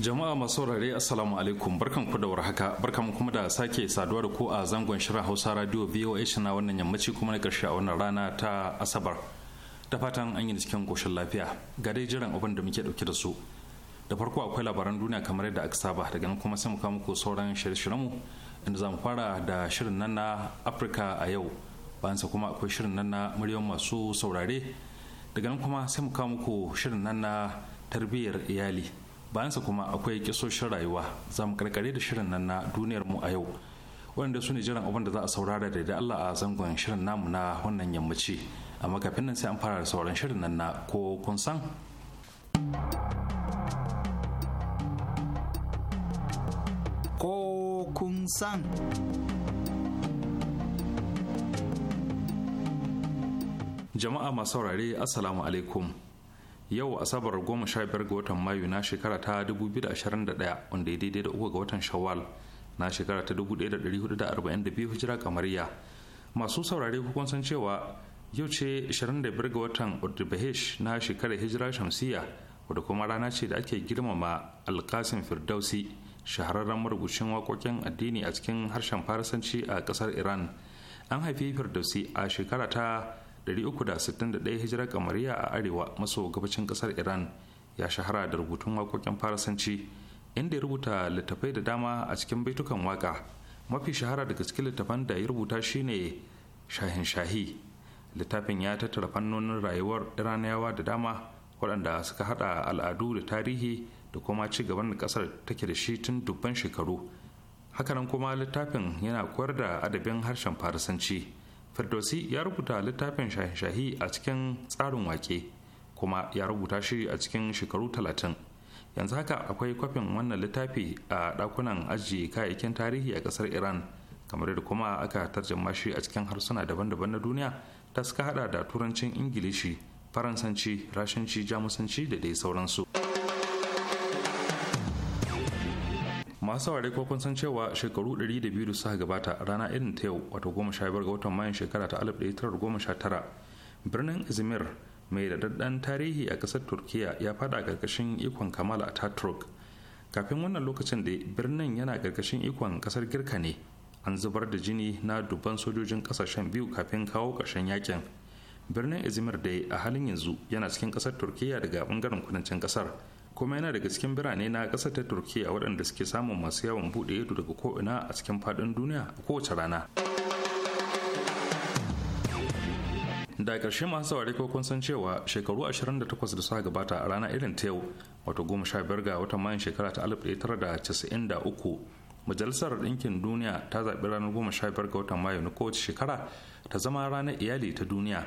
jama'a masu saurare assalamu alaikum barkan ku da warhaka barkan kuma da sake saduwa da ku a zangon shirin hausa radio voa na wannan yammaci kuma na karshe a wannan rana ta asabar ta fatan an yi cikin koshin lafiya ga dai jiran abin da muke dauke da su da farko akwai labaran duniya kamar yadda aka saba daga nan kuma sai mu kawo muku sauran shirye-shiryen mu inda zamu fara da shirin nan na afirka a yau bayan sa kuma akwai shirin nan na muryan masu saurare daga nan kuma sai mu kawo muku shirin nan na tarbiyyar iyali bayan sa kuma akwai kisoshin rayuwa za mu karkare da shirin nan na duniyar mu a yau wanda su ne jiran abin da za a saurara da Allah a zangon shirin namu na wannan yammaci amma kafin nan sai an fara da sauran shirin nan na ko kun san ko kun san jama'a masu saurare assalamu alaikum yau asabar goma sha biyar ga watan mayu na shekara ta 2021 wanda ya daidai da uku ga watan shawwal na shekara ta 1442 hijira kamariya masu saurare hukun san cewa yau ce 25 ga watan urdubahesh na shekarar hijira shamsiya wadda kuma rana ce da ake girmama alkasin firdausi shahararren marubucin waƙoƙin addini a cikin harshen farisanci a ƙasar iran an haifi firdausi a shekara ta 361 hijirar kamariya a arewa maso gabacin kasar iran ya shahara da rubutun waƙoƙin farasanci inda ya rubuta littafai da dama a cikin baitukan waƙa mafi shahara daga cikin littafan da ya rubuta shine shahin shahi littafin ya tattara fannonin rayuwar iraniyawa da dama waɗanda suka haɗa al'adu da tarihi da kuma ci gaban da ƙasar take da shi tun dubban shekaru hakanan kuma littafin yana koyar da adabin harshen farasanci. firdausi ya rubuta littafin shahi-shahi a cikin tsarin wake kuma ya rubuta shi a cikin shekaru talatin yanzu haka akwai kwafin wannan littafi a ɗakunan ajiye kayayyakin tarihi a ƙasar iran kamar da kuma aka tarjama shi a cikin harsuna daban-daban na duniya ta suka hada da turancin ingilishi faransanci rashinci jamusanci da dai sauransu masu saurare ko kun san cewa shekaru 200 da suka gabata rana irin ta yau wato 15 ga watan mayan shekara ta sha tara birnin izmir mai daɗaɗɗen tarihi a ƙasar turkiya ya fada karkashin ikon kamal ataturk kafin wannan lokacin da birnin yana ƙarƙashin ikon ƙasar girka ne an zubar da jini na dubban sojojin ƙasashen biyu kafin kawo ƙarshen yakin birnin izmir dai a halin yanzu yana cikin ƙasar turkiya daga ɓangaren kudancin ƙasar kuma yana daga cikin birane na ƙasar ta turkiya waɗanda suke samun masu yawon buɗe ido daga ko'ina a cikin faɗin duniya a kowace rana da ƙarshe masu saurari ko kun san cewa shekaru 28 da suka gabata a rana irin ta yau wato 15 ga watan mayan shekara ta 1993 majalisar ɗinkin duniya ta zaɓi ranar 15 ga watan mayu na kowace shekara ta zama ranar iyali ta duniya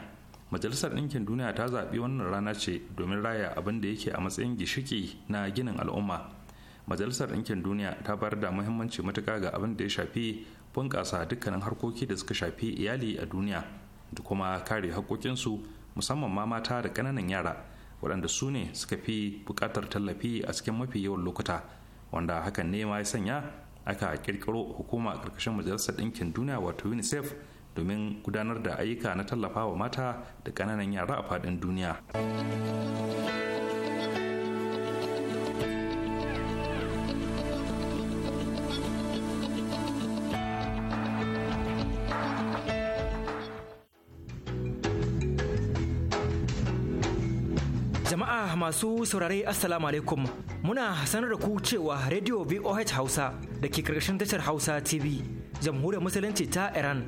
majalisar ɗinkin duniya ta zaɓi wannan rana ce domin raya abin da yake a matsayin gishiki na ginin al'umma majalisar ɗinkin duniya ta bayar da muhimmanci matuka ga abin da ya shafi bunƙasa dukkanin harkoki da suka shafi iyali a duniya da kuma kare haƙoƙinsu musamman ma mata da ƙananan yara waɗanda su ne suka fi buƙatar tallafi a cikin mafi yawan lokuta wanda hakan ne ma ya sanya aka ƙirƙiro hukuma a ƙarƙashin majalisar ɗinkin duniya wato unicef domin gudanar da ayyuka na tallafa wa mata da ƙananan yara a faɗin duniya. Jama'a masu saurare Assalamu alaikum muna sanar da ku cewa Radio VOH Hausa da ke karkashin tashar Hausa TV jamhuriyar musulunci ta Iran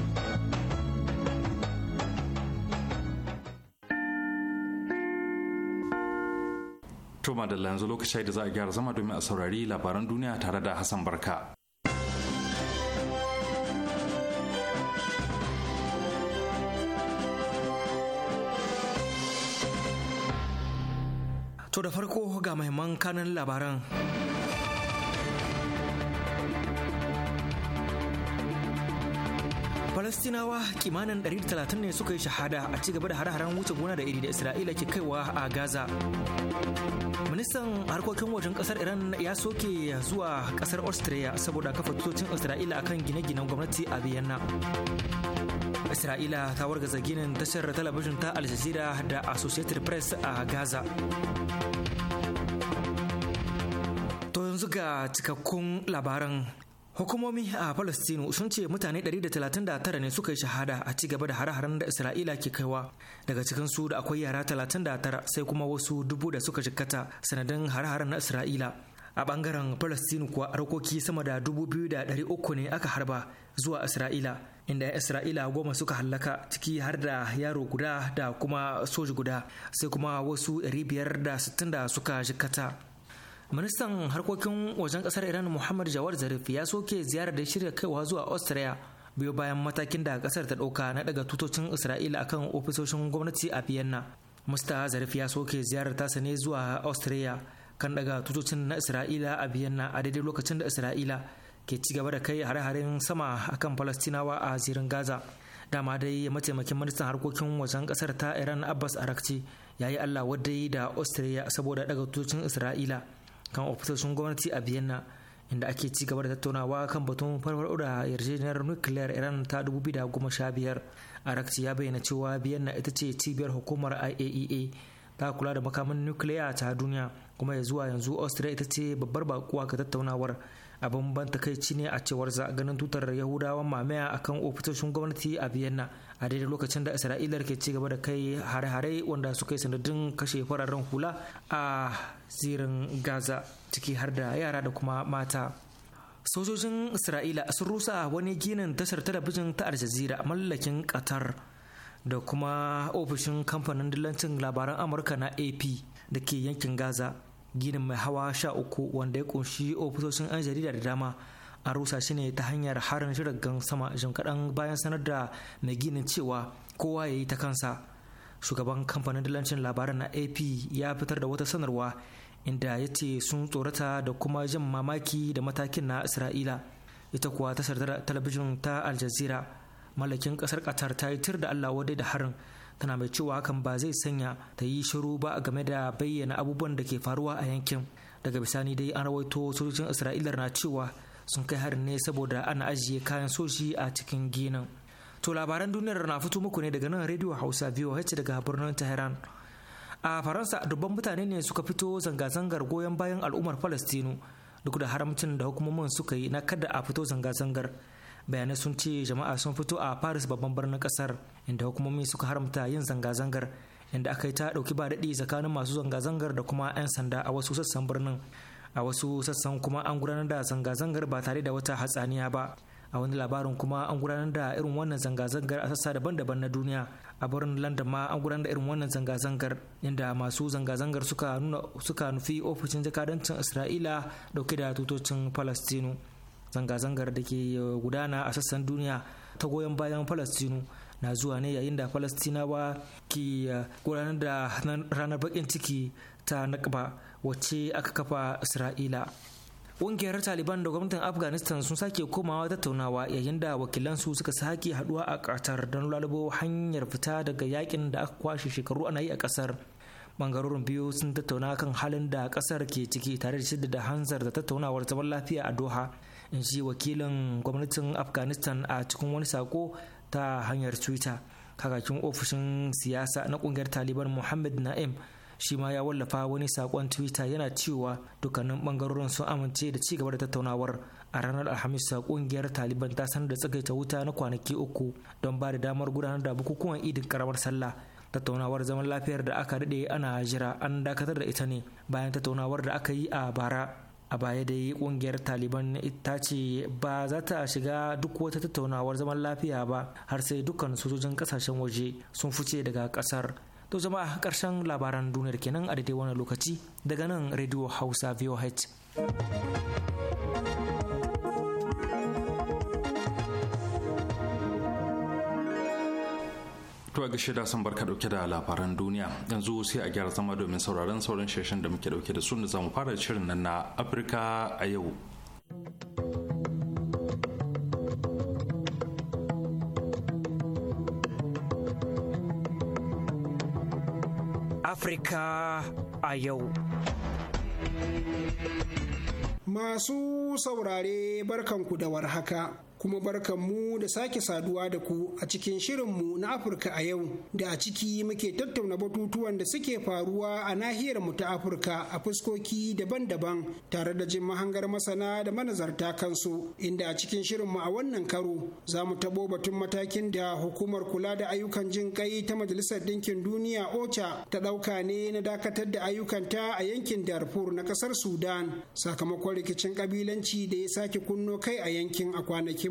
To madalla yanzu lokaci da za a gyara zama domin a saurari labaran duniya tare da Hassan Barka. To da farko ga mahimman kanan labaran. Falastinawa kimanin 130 ne suka yi shahada a ci gaba da hare wuce gona da iri da Isra'ila ke kaiwa a Gaza. Ministan harkokin wajen kasar Iran ya soke zuwa kasar Austria saboda kafa tutocin Isra'ila akan gine-ginen gwamnati a Vienna. Isra'ila ta wargaza ginin tashar talabijin ta Al Jazeera da Associated Press a Gaza. To yanzu ga cikakkun labaran Hukumomi a Falastinu sun ce mutane 139 ne suka yi shahada a ci gaba da hare-haren da Isra'ila ke kaiwa. Daga cikin su da akwai yara 39 sai kuma wasu dubu da suka jikkata sanadin hare-haren na Isra'ila. A bangaren Falastinu kuwa harkoki sama da dubu biyu da uku ne aka harba zuwa Isra'ila. Inda ya Isra'ila goma suka hallaka ciki har da yaro guda da kuma soji guda sai kuma wasu sittin da suka jikkata. ministan harkokin wajen kasar iran muhammad jawar zarif ya soke ziyarar da shirya kaiwa zuwa austria biyo bayan matakin da kasar ta dauka na daga tutocin isra'ila akan ofisoshin gwamnati a vienna musta zarif ya soke ziyarar tasa ne zuwa austria kan daga tutocin na isra'ila a vienna a daidai lokacin da isra'ila ke ci gaba da kai hare-haren sama akan falastinawa a zirin gaza dama dai mataimakin ministan harkokin wajen kasar ta iran abbas arakci ya yi allah wadai da austria saboda daga tutocin isra'ila kan ofisoshin gwamnati a vienna inda ake ci gaba da tattaunawa kan batun farfar da yarjejeniyar nuclear iran ta 2015 arakci ya bayyana cewa vienna ita ce cibiyar hukumar iaea e ta kula da makaman nuclear ta duniya kuma ya zuwa yanzu austria ita ce babbar bakuwa ga tattaunawar abin ban takaici ne a cewar za ganin tutar yahudawan mamaya akan ofisoshin gwamnati a vienna a daidai lokacin da isra'ila ke ci gaba da kai hare-hare wanda suka yi sanadin kashe fararen hula a zirin gaza ciki har da yara da kuma mata sojojin isra'ila sun rusa wani ginin tashar talabijin ta aljazira mallakin qatar da kuma ofishin kamfanin dillancin labaran amurka na ap da ke yankin gaza ginin mai hawa sha uku wanda ya kunshi ofisoshin 'yan jarida da dama arusa rusa shi ne ta hanyar harin jiragen sama jin kaɗan bayan sanar da mai ginin cewa kowa ya yi ta kansa shugaban kamfanin dalancin labaran na ap ya fitar da wata sanarwa inda ya ce sun tsorata da kuma jin mamaki da matakin na isra'ila ita kuwa tashar talabijin ta al jazeera mallakin kasar qatar ta yi tir da allah wadai da harin tana mai cewa hakan ba zai sanya ta yi shiru ba game da bayyana abubuwan da ke faruwa a yankin daga bisani dai an rawaito sojojin isra'ila na cewa sun kai harin ne saboda ana ajiye kayan soji a cikin ginin to labaran duniyar na fito muku ne daga nan rediyo hausa voh daga birnin tehran a faransa dubban mutane ne suka fito zanga-zangar goyon bayan al'ummar falastinu duk da haramcin da hukumomin suka yi na kada a fito zanga-zangar bayanai sun ce jama'a sun fito a paris babban birnin kasar inda hukumomi suka haramta yin zanga-zangar inda aka yi ta dauki ba daɗi tsakanin masu zanga-zangar da kuma 'yan sanda a wasu sassan birnin a wasu sassan kuma an gudanar da zanga-zangar ba tare da wata hatsaniya ba a wani labarin kuma an gudanar da irin wannan zanga-zangar a sassa daban-daban na duniya a birnin london ma an gudanar da irin wannan zanga-zangar inda masu zanga-zangar suka nufi ofishin jakadancin isra'ila dauke da tutocin palestinu zanga-zangar da ke gudana a sassan duniya ta goyon bayan palestinu na zuwa ne yayin da palestinawa ke eh, gudanar da ranar bakin ciki ta nakba wacce aka kafa isra'ila ƙungiyar taliban da gwamnatin afghanistan sun sake komawa tattaunawa yayin da su suka sake haduwa a ƙatar don lalubo hanyar fita daga yakin da aka kwashe shekaru ana yi a ƙasar bangarorin biyu sun tattauna kan halin da kasar ke ciki tare da shidda da hanzar da tattaunawar zaman lafiya a doha in shi wakilin gwamnatin afghanistan a cikin wani sako ta hanyar twitter kakakin ofishin siyasa na ƙungiyar taliban muhammad na'im shi ma ya wallafa wani sakon twitter yana cewa dukkanin bangarorin sun amince da ci gaba da tattaunawar a ranar alhamis kungiyar taliban ta sanar da tsagaita wuta na kwanaki uku don ba da damar gudanar da bukukuwan idin karamar sallah tattaunawar zaman lafiyar da aka daɗe ana jira an dakatar da ita ne bayan tattaunawar da aka yi a bara a baya dai kungiyar taliban ta ce ba za ta shiga duk wata tattaunawar zaman lafiya ba har sai dukkan sojojin kasashen waje sun fice daga kasar to zama karshen labaran duniyar kenan a daidai wani lokaci daga nan radio hausa voh Tuwa ga shida sun barka dauke da labaran duniya yanzu sai a gyara zama domin sauraron sauran sheshen da muke dauke da su da zamu fara shirin nan na Afirka a yau. Afirka a yau. Masu saurare barkanku da warhaka. kuma barkanmu da sake saduwa da ku a cikin shirinmu na Afirka a yau da a ciki muke tattauna batutuwan da suke faruwa a nahiyar mu ta Afirka a fuskoki daban-daban tare da jin mahangar masana da manazarta kansu inda a cikin shirinmu a wannan karo za mu tabo batun matakin da hukumar kula da ayyukan jin kai ta Majalisar Dinkin Duniya OCHA ta ɗauka ne na dakatar da ayyukanta a yankin Darfur na ƙasar Sudan sakamakon rikicin ƙabilanci da ya sake kunno kai a yankin a kwanakin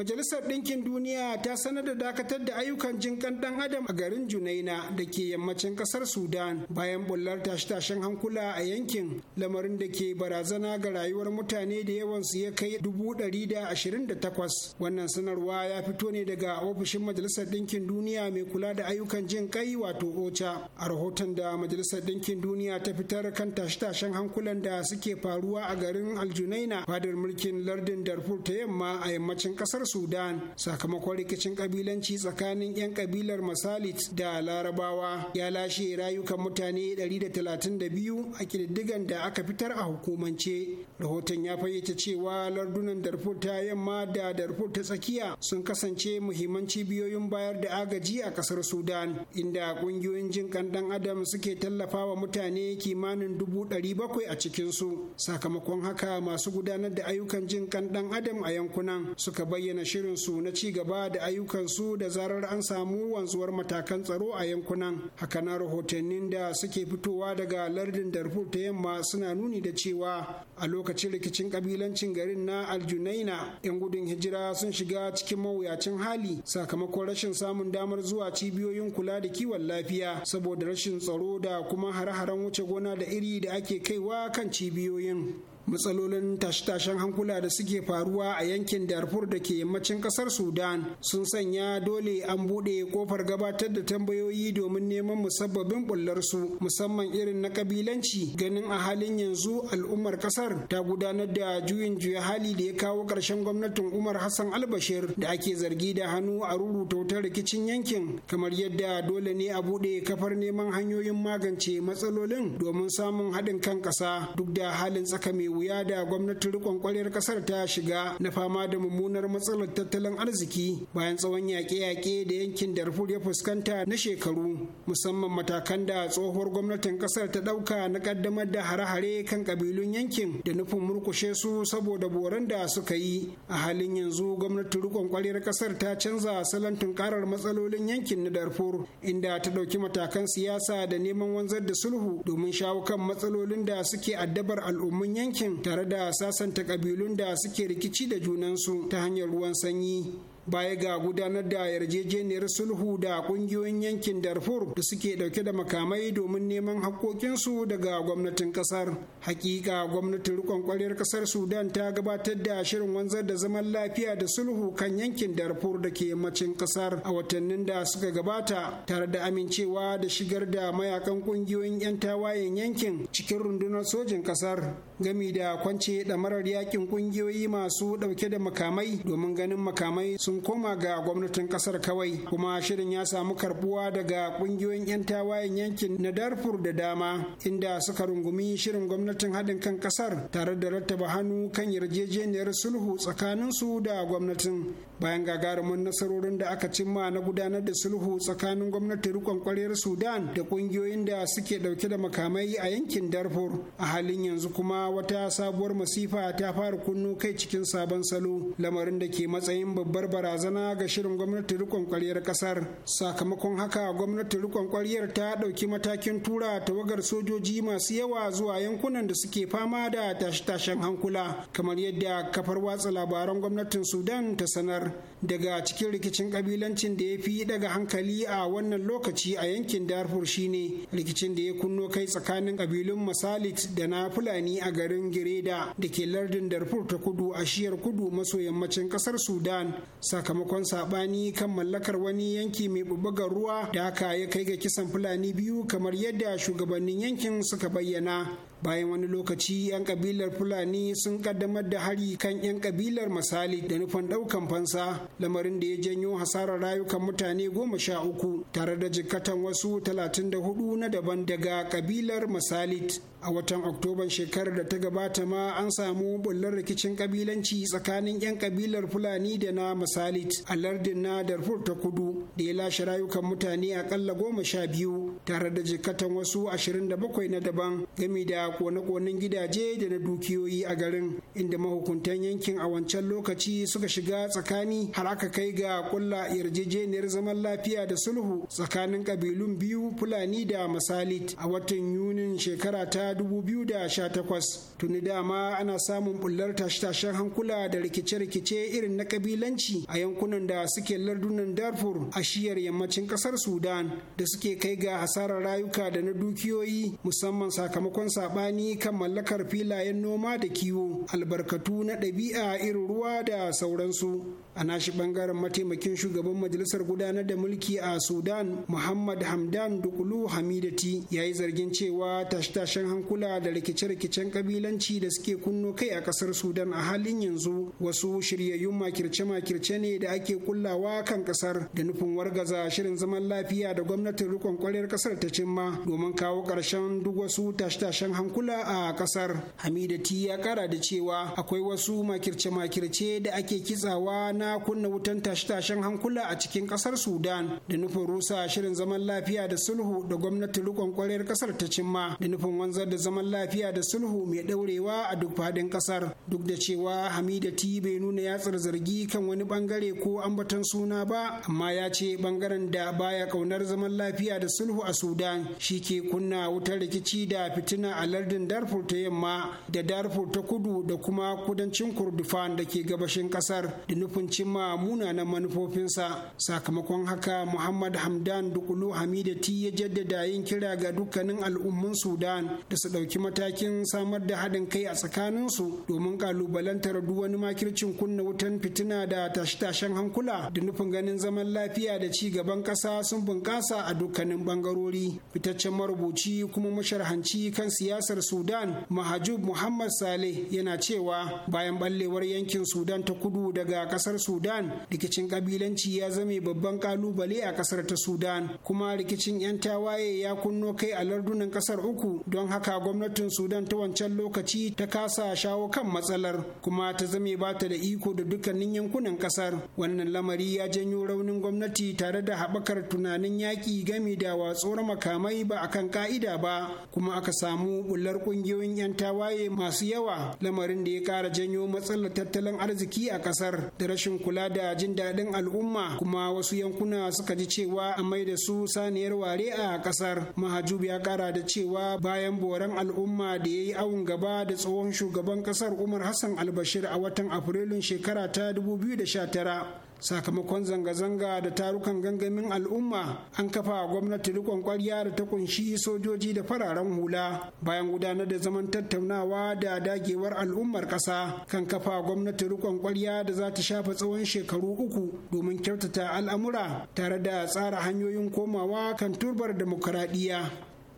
Majalisar Ɗinkin Duniya ta sanar da dakatar da ayyukan jinƙan ɗan adam a garin Junaina da ke yammacin ƙasar Sudan bayan bullar tashe-tashen hankula a yankin lamarin da ke barazana ga rayuwar mutane da yawan su ya kai dubu ɗari da ashirin da takwas. Wannan sanarwa ya fito ne daga ofishin Majalisar Ɗinkin Duniya mai kula da ayyukan jin ƙai wato OCHA. A rahoton da Majalisar Ɗinkin Duniya ta fitar kan tashe-tashen hankulan da suke faruwa a garin Aljunaina fadar mulkin lardin Darfur ta yamma a yammacin ƙasar sudan sakamakon rikicin kabilanci tsakanin 'yan kabilar masalit da larabawa ya lashe rayukan mutane 132 a kididdigan da aka fitar a hukumance rahoton ya fayyace cewa lardunan darfur ta yamma da darfur ta tsakiya sun kasance muhimman cibiyoyin bayar da agaji a kasar sudan inda kungiyoyin jin kan dan adam suke tallafawa mutane kimanin dubu ɗari bakwai a cikinsu sakamakon haka masu gudanar da ayyukan jin kan dan adam a yankunan suka bayyana shirin shirinsu na ci gaba da ayyukansu da zarar an samu wanzuwar matakan tsaro a yankunan hakanan rahotannin da suke fitowa daga lardin darfur ta yamma suna nuni da cewa a lokacin rikicin kabilancin garin na aljunaina yan gudun hijira sun shiga cikin mawuyacin hali sakamakon rashin samun damar zuwa cibiyoyin kula da kiwon lafiya saboda rashin tsaro da kuma hare-haren wuce gona da iri da ake kaiwa kan cibiyoyin matsalolin tashe-tashen hankula da suke faruwa a yankin darfur da ke yammacin kasar sudan sun sanya dole an buɗe kofar gabatar da tambayoyi domin neman musabbabin bullarsu musamman irin na kabilanci ganin a halin yanzu al'ummar kasar ta gudanar da juyin juya hali da ya kawo ƙarshen gwamnatin umar hassan albashir da ake zargi da hannu a rubuta wutar rikicin yankin kamar yadda dole ne a buɗe kafar neman hanyoyin magance matsalolin domin samun haɗin kan ƙasa duk da halin tsaka mai wuya da gwamnatin rikon kwaryar kasar ta shiga na fama da mummunar matsalar tattalin arziki bayan tsawon yaƙe-yaƙe da yankin darfur ya fuskanta na shekaru musamman matakan da tsohuwar gwamnatin kasar ta ɗauka na ƙaddamar da hare-hare kan ƙabilun yankin da nufin murkushe su saboda boran da suka yi a halin yanzu gwamnatin rikon kwaryar kasar ta canza salon tunkarar matsalolin yankin na darfur inda ta ɗauki matakan siyasa da neman wanzar da sulhu domin shawo kan matsalolin da suke addabar al'ummun yankin yankin tare da sasanta kabilun da suke rikici da junansu ta hanyar ruwan sanyi baya ga gudanar da yarjejeniyar sulhu da kungiyoyin yankin darfur da suke dauke da makamai domin neman hakkokinsu daga gwamnatin kasar hakika gwamnatin rikon kwarar kasar sudan ta gabatar da shirin wanzar da zaman lafiya da sulhu kan yankin darfur da ke yammacin kasar a watannin da suka gabata tare da amincewa da shigar da mayakan kungiyoyin 'yan tawayen yankin cikin rundunar sojin kasar gami da kwance ɗamarar yakin ƙungiyoyi masu ɗauke da makamai domin ganin makamai sun koma ga gwamnatin ƙasar kawai kuma shirin ya samu karbuwa daga ƙungiyoyin 'yan tawayen yankin na darfur da dama inda suka rungumi shirin gwamnatin haɗin kan ƙasar tare da rattaba hannu kan yarjejeniyar sulhu tsakaninsu da gwamnatin bayan gagarumin nasarorin da aka cimma na gudanar da sulhu tsakanin gwamnatin rikon kwaryar sudan da ƙungiyoyin da suke ɗauke da makamai a yankin darfur a halin yanzu kuma wata sabuwar masifa ta fara kunnu kai cikin sabon salo lamarin da ke matsayin babbar barazana ga shirin gwamnati rikon kwaryar kasar sakamakon haka gwamnati rikon kwaryar ta ɗauki matakin tura tawagar sojoji masu yawa zuwa yankunan da suke fama da tashe-tashen hankula kamar yadda kafar watsa labaran gwamnatin sudan ta sanar daga cikin rikicin kabilancin da ya fi daga hankali a wannan lokaci a yankin darfur shine rikicin da ya kunno kai tsakanin kabilun masalit da na fulani a garin Gireda da ke lardin Darfur ta kudu a shiyar kudu maso yammacin kasar Sudan sakamakon sabani kan mallakar wani yanki mai bubbugar ruwa da haka ya kai ga kisan Fulani biyu kamar yadda shugabannin yankin suka bayyana. bayan wani lokaci 'yan kabilar fulani sun kaddamar da hari kan 'yan kabilar misali da nufin ɗaukan fansa lamarin da ya janyo hasarar rayukan mutane goma sha uku tare da jikkatan wasu talatin da hudu na daban daga kabilar masalit a watan oktoban shekarar da ta gabata ma an samu bullar rikicin kabilanci tsakanin 'yan kabilar fulani da na masalit a lardin na darfur ta kudu da ya lashe rayukan mutane akalla goma sha biyu tare da jikatan wasu ashirin da bakwai na daban gami da kone-konen gidaje da na dukiyoyi a garin inda mahukuntan yankin a wancan lokaci suka shiga tsakani har aka kai ga kulla yarjejeniyar zaman lafiya da sulhu tsakanin kabilun biyu fulani da masalit a watan yunin shekara ta 2018 tuni dama ana samun bullar tashe-tashen hankula da rikice-rikice irin na kabilanci a yankunan da suke lardunan darfur a shiyar yammacin kasar sudan da suke kai ga hasarar rayuka da na dukiyoyi musamman sakamakon sabani kan mallakar filayen noma da kiwo albarkatu na ɗabi'a irin ruwa da sauransu a nashi bangaren mataimakin shugaban majalisar gudanar da mulki a sudan muhammad hamdan dukulu hamidati ya yi zargin cewa tashe-tashen hankula da rikice-rikicen kabilanci da suke kunno kai a kasar sudan a halin yanzu wasu shiryayyun makirce-makirce ne da ake kullawa kan kasar da nufin wargaza shirin zaman lafiya da gwamnatin rikon kwarar kasar ta cimma domin kawo ƙarshen duk wasu tashe-tashen hankula a kasar hamidati ya kara da cewa akwai wasu makirce-makirce da ake kitsawa na kunna wutan tashe-tashen hankula a cikin kasar sudan da nufin rusa shirin zaman lafiya da sulhu da gwamnati rikon kwarar kasar ta cimma da nufin wanzar da zaman lafiya da sulhu mai daurewa a duk fadin kasar duk da cewa hamidati bai nuna yatsar zargi kan wani bangare ko ambaton suna ba amma ya ce bangaren da baya kaunar zaman lafiya da sulhu a sudan shi ke kunna wutar rikici da fitina a lardin darfur ta yamma da darfur ta kudu da kuma kudancin kurdufan da ke gabashin kasar da nufin muna na manufofinsa sakamakon haka muhammad hamdan dukulu ti ya jaddada yin kira ga dukkanin al'ummun sudan da su ɗauki matakin samar da haɗin kai a tsakaninsu domin ƙalubalantar duk wani makircin kunna wutan fitina da tashe-tashen hankula da nufin ganin zaman lafiya da ci gaban ƙasa sun bunƙasa a dukkanin ɓangarori fitaccen marubuci kuma masharhanci kan siyasar sudan mahajub muhammad saleh yana cewa bayan ɓallewar yankin sudan ta kudu daga ƙasar sudan rikicin kabilanci ya zame babban kalubale a kasar ta sudan kuma rikicin 'yan tawaye ya kunno kai a lardunan kasar uku don haka gwamnatin sudan ta wancan lokaci ta kasa shawo kan matsalar kuma ta zame ba ta da iko da dukkanin yankunan kasar wannan lamari ya janyo raunin gwamnati tare da haɓakar tunanin yaƙi game da watsuwar makamai ba akan ƙa'ida ba kuma aka samu bullar ƙungiyoyin 'yan tawaye masu yawa lamarin da ya ƙara janyo matsalar tattalin arziki a kasar da rashin rashin kula da jin daɗin al'umma kuma wasu yankuna suka ji cewa a mai da su saniyar ware a ƙasar mahajub ya ƙara da cewa bayan boran al'umma da ya yi awon gaba da tsohon shugaban ƙasar umar hassan albashir a watan afrilun shekara ta 2019 sakamakon zanga-zanga da tarukan gangamin al'umma an kafa gwamnati rikon kwarya da ta kunshi sojoji da fararen hula bayan gudanar da zaman tattaunawa da dagewar al'ummar ƙasa kan kafa gwamnati rikon kwarya da za ta shafa tsawon shekaru uku domin kyautata al'amura tare da tsara hanyoyin komawa kan turbar demokaradiyya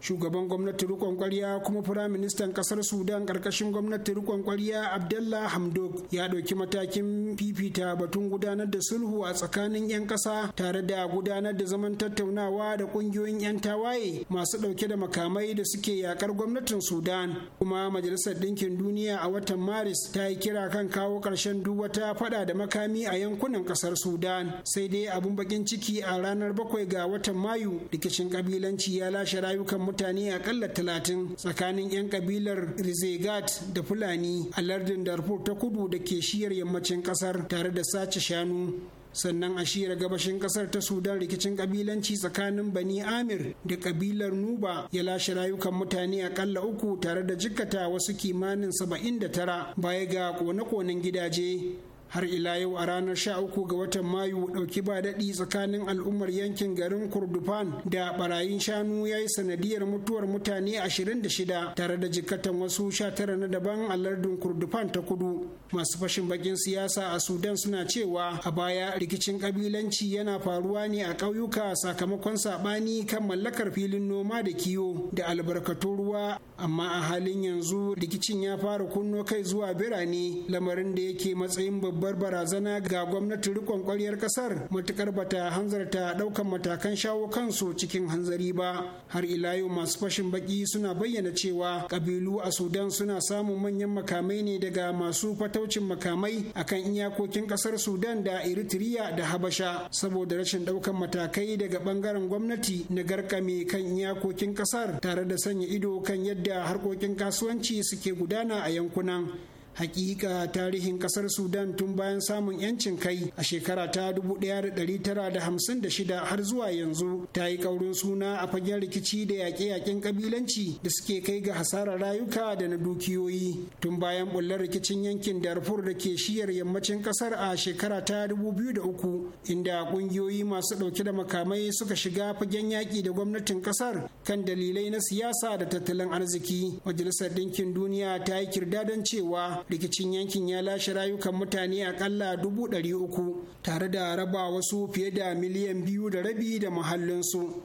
shugaban gwamnati rikon kwarya kuma firaministan kasar sudan karkashin gwamnati rikon kwarya abdullah hamdok ya ɗauki matakin fifita batun gudanar da sulhu a tsakanin 'yan ƙasa tare da gudanar da zaman tattaunawa da ƙungiyoyin 'yan tawaye masu ɗauke da makamai da suke yakar gwamnatin sudan kuma majalisar ɗinkin duniya a watan maris ta yi kira kan kawo ƙarshen duk wata faɗa da makami a yankunan ƙasar sudan sai dai abun bakin ciki a ranar bakwai ga watan mayu rikicin ƙabilanci ya lashe rayukan mutane akalla talatin tsakanin 'yan kabilar rizegat da fulani a lardin darfur ta kudu da ke shiyar yammacin kasar tare da sace shanu sannan a shiyar gabashin kasar ta sudan rikicin kabilanci tsakanin bani amir da kabilar nuba ya lashe rayukan mutane akalla uku tare da jikkata wasu kimanin saba'in da tara, baya ga kone-konen gidaje har ila yau a ranar 13 ga watan mayu dauki ba dadi tsakanin al'ummar yankin garin kurdufan da barayin shanu ya yi sanadiyar mutuwar mutane 26 tare da jikatan wasu 19 na daban a lardin kurdufan ta kudu masu fashin bakin siyasa a sudan suna cewa a baya rikicin kabilanci yana faruwa ne a ƙauyuka sakamakon saɓani kan mallakar filin noma da kiwo da albarkatun ruwa amma a halin yanzu rikicin ya fara kunno kai zuwa birane lamarin da yake matsayin babban babbar barazana ga gwamnatin rikon kwaryar kasar matukar bata hanzarta daukan matakan shawo kansu cikin hanzari ba har ila yau masu fashin baki suna bayyana cewa kabilu a sudan suna samun manyan makamai ne daga masu fataucin makamai akan iyakokin kasar sudan da eritrea da habasha saboda rashin daukan matakai daga bangaren gwamnati na garkame kan iyakokin kasar tare da sanya ido kan yadda harkokin kasuwanci suke gudana a yankunan hakika tarihin kasar sudan tun bayan samun yancin kai a shekara ta 1956 har zuwa yanzu ta yi kaurin suna a fagen rikici da yaƙe-yaƙen kabilanci da suke kai ga hasarar rayuka da na dukiyoyi tun bayan bullar rikicin yankin darfur da ke shiyar yammacin kasar a shekara ta 2003 inda ƙungiyoyi masu ɗauke da makamai suka shiga fagen yaƙi da gwamnatin kasar kan dalilai na siyasa da tattalin arziki majalisar ɗinkin duniya ta yi kirdadan cewa rikicin yankin ya lashe rayukan mutane akalla dubu ɗari uku tare da raba wasu fiye da miliyan biyu da rabi da muhallinsu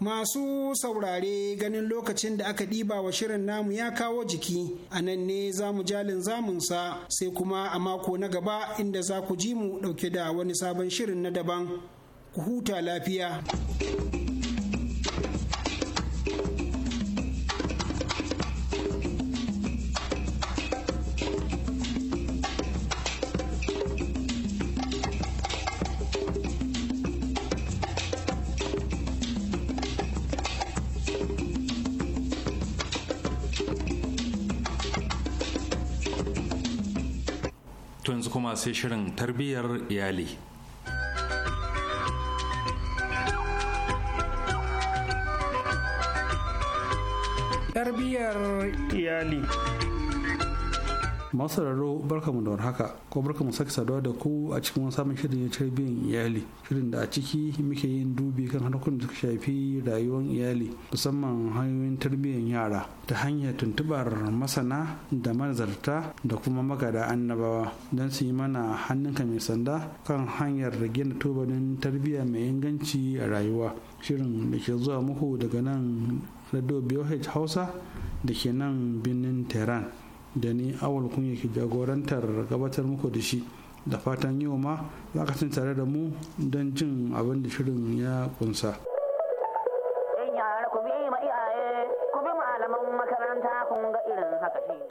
Masu saurare ganin lokacin da aka ɗiba wa shirin namu ya kawo jiki, a nan ne za mu jalin zamunsa sai kuma a mako na gaba inda za ku ji mu ɗauke da wani sabon shirin na daban. Ku huta lafiya. to yanzu kuma sai shirin tarbiyyar iyali tarbiyyar iyali masu barka barkamu da warhaka ko barkamu sake saduwa da ku a cikin wani samun shirin ya tarbiyyar iyali shirin da a ciki muke yin dubi kan harkokin da suka shafi rayuwar iyali musamman hanyoyin tarbiyyar yara ta hanyar tuntubar masana da manzarta da kuma magada annabawa don su yi mana hannunka mai sanda kan hanyar gina tubalin tarbiyya mai inganci a rayuwa shirin da ke zuwa muku daga nan radio BOH Hausa da ke nan birnin Tehran da ni awal kun yake jagorantar gabatar muku da shi da fatan yau ma za ka tare da mu don jin abin da shirin ya kunsa.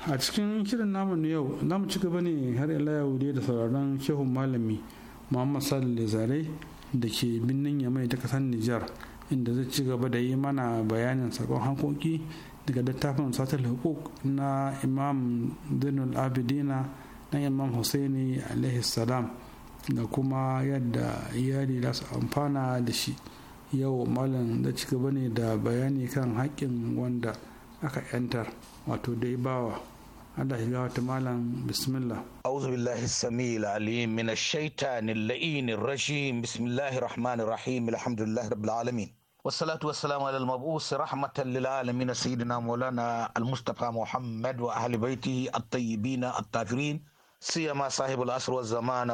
a cikin shirin namu na yau namu mu ci gaba ne har ila yau dai da sauraron shehun malami muhammad da zare da ke binnin yamai ta kasar nijar inda zai ci gaba da yi mana bayanin sakon hankoki daga littafin satar hukuk na imam zainul abidina na imam husaini alaihi salam da kuma yadda iyali za su amfana da shi yau malam da ci gaba ne da bayani kan haƙƙin wanda aka 'yantar wato dai bawa Allah ya wata malam bismillah. A'udhu billahi samil alim min ash-shaytanir la'inir rajim bismillahir rahmanir rahim alhamdulillahi wasalatu wasalamu ala al-mab'us rahmatan na alamin sayyidina maulana al mustapha muhammad wa ahli baitihi at-tayyibin siya ma siyama sahibul asr wa zaman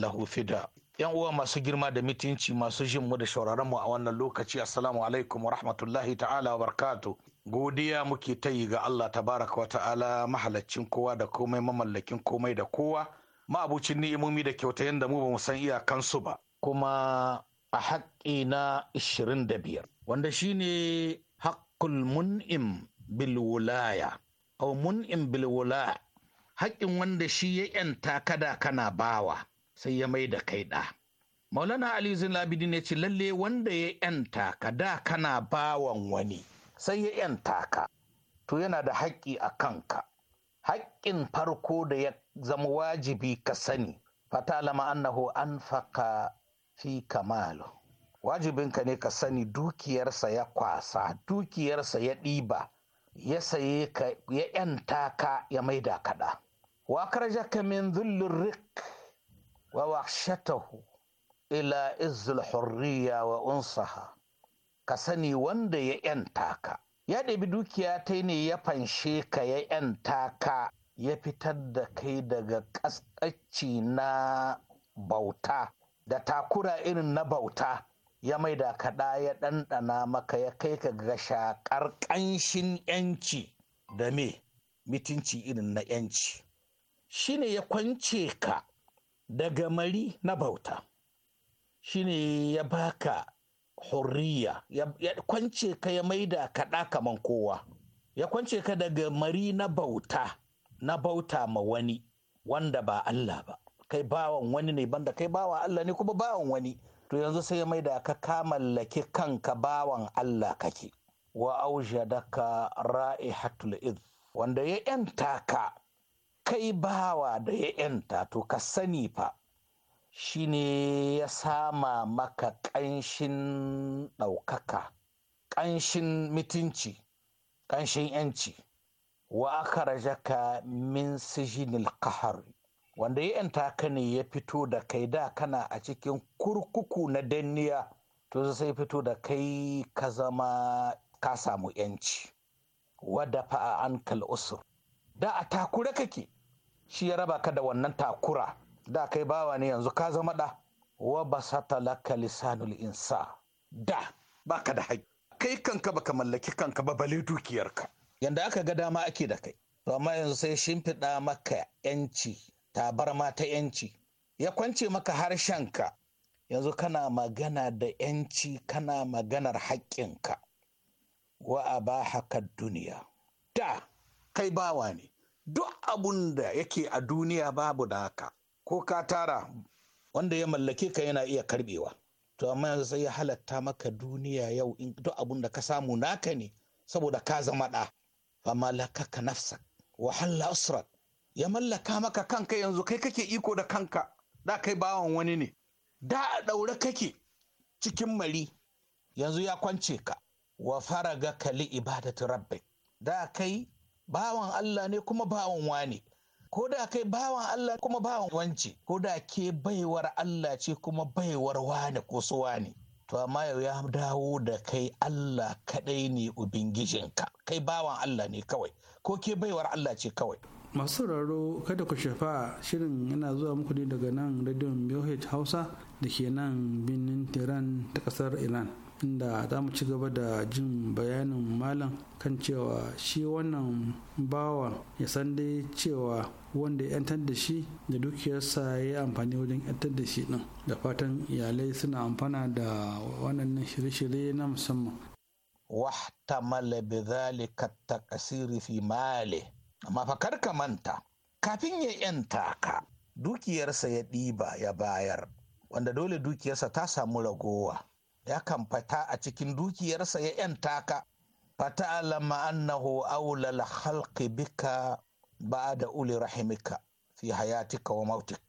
lahu fida yan uwa masu girma da mitinci masu jin mu da shauraron mu a wannan lokaci assalamu alaikum wa rahmatullahi ta'ala wa barkatu. godiya muke ta yi ga Allah tabaraka wa ta'ala mahalaccin kowa da komai mamallakin komai da kowa ma'abucin ni'imomi da kyautayen da mu ba mu san iyakansu ba kuma a haƙƙi na 25 wanda shine haƙƙul mun'im bilwulaya au mun'im bilwula haƙƙin wanda shi ya ‘yanta kada kana bawa sai ya mai da kai ɗa. maulana ali labidin ya ce lalle wanda ya ‘yanta kada kana bawan wani sai ya ‘yanta ka to yana da haƙƙi a kanka haƙƙin farko da ya zama wajibi ka sani fatalama annahu faka fi kamalu wajibinka ne ka sani dukiyarsa ya kwasa dukiyarsa ya ɗiba ya saye ka ya ‘yanta ka ya maida kaɗa wa ka min zullun rik wa wakshatahu ila izul hurriya wa unsaha ka sani wanda ya ‘yanta ka ya ɗabi dukiya ta ne ya fanshe ka ya ‘yanta ka ya fitar da kai daga ƙasƙaci na bauta da takura irin na bauta ya maida kaɗa ya ɗanɗana maka ya kai ka ga shaƙar ƙanshin ‘yanci da me mitinci irin na ‘yanci. Shi ne ya kwance ka daga mari na bauta, shi ne ya baka hurriya, ya kwance ka ya maida kaɗa kaman kowa, ya kwance ka daga mari na bauta, na bauta ma wani wanda ba Allah ba. kai bawan wani ne banda kai bawa Allah ne kuma bawan wani to yanzu sai mai da ka kamallake kanka bawan Allah kake wa aujadaka ra'ihatul iz wanda ya yanta ka kai bawa da ya yanta to ka sani fa shine ya sama maka ƙanshin ɗaukaka ƙanshin mitinci ƙanshin yanci wa aka rajaka min sijinil kahari wanda ya yanta ka ne ya fito da kai da kana a cikin kurkuku na danniya to sai fito da kai ka zama ka samu yanci wadda fa'a an kal'usur da a takura kake shi ya raba ka da wannan takura da kai bawa ne yanzu ka zama da wa basata laka lisanul insa da baka da haƙƙi kai kanka baka mallaki kanka ba bale dukiyarka yanda aka ga dama ake da kai to amma yanzu sai shimfiɗa maka yanci tabarma ta yanci ya kwance maka harshenka yanzu kana magana da yanci kana maganar haƙƙinka wa a ba haka duniya da kai bawa ne duk abun da yake a duniya babu da haka ko ka tara wanda ya mallake ka yana iya karɓewa? to amma yanzu sai ya halatta maka duniya yau in duk abun da ka samu naka ne saboda ka zama ɗa malaka ka nafsak wa halla usrak ya mallaka maka kanka yanzu kai kake iko da kanka da kai bawan wani ne da a ɗaure kake cikin mari yanzu ya kwance ka wa faraga kali ibadatu rabbi da kai bawan Allah ne kuma bawan wani. ko da kai bawan Allah kuma bawan wance ko da ke baiwar Allah ce kuma baiwar wani ko su wani. to amma yau ya dawo da kai Allah kadai ne ubangijinka kai bawan Allah ne kawai ko ke baiwar Allah ce kawai masu sauraro kada ku shafa shirin yana zuwa muku ne daga nan radion BOH Hausa da ke nan birnin Tehran ta kasar Iran inda za mu ci gaba da jin bayanin malam kan cewa shi wannan bawa ya san dai cewa wanda ya 'yantar da shi da dukiyarsa ya yi amfani wajen 'yantar da shi din da fatan iyalai suna amfana da wannan shirye-shirye na musamman wahtamala bi zalika at fi male mafakar ka manta kafin ya yanta ka dukiyarsa ya ɗiba ya bayar wanda dole dukiyarsa ta samu ragowa ya kan fata a cikin dukiyarsa ya yanta ka fata alama annahu aulal halki bika da uli rahimika fi hayatika wa mautik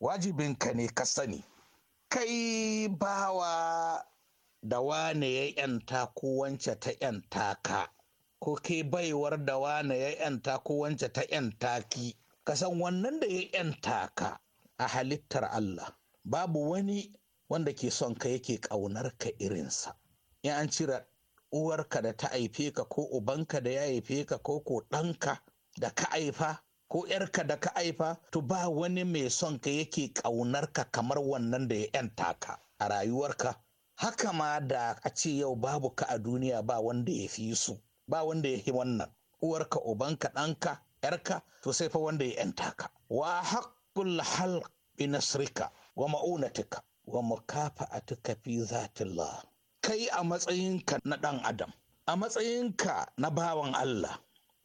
wajibinka ne ka sani kai bawa da wane ya yanta ko wance ta yanta ka ko ke baiwar da wane ya yanta ko wance ta yanta ki kasan wannan da ya yanta ka a halittar Allah babu wani wanda ke son ka yake ƙaunar ka irinsa in an cire uwarka da ta haife ka ko ubanka da ya haife ka ko ko ɗanka da ka haifa ko ‘yarka da ka haifa to ba wani mai son ka yake ƙaunar ka kamar wannan da ya ‘yanta ka a rayuwarka haka ma da a ce yau babu ka a duniya ba wanda ya fi su ba wanda ya yi wannan uwarka ubanka ɗanka yarka to sai fa wanda ya yanta ka wa haqqul halq bi nasrika wa ma'unatika wa mukafa'atuka fi zatillah kai a matsayinka na ɗan adam a matsayinka na bawan Allah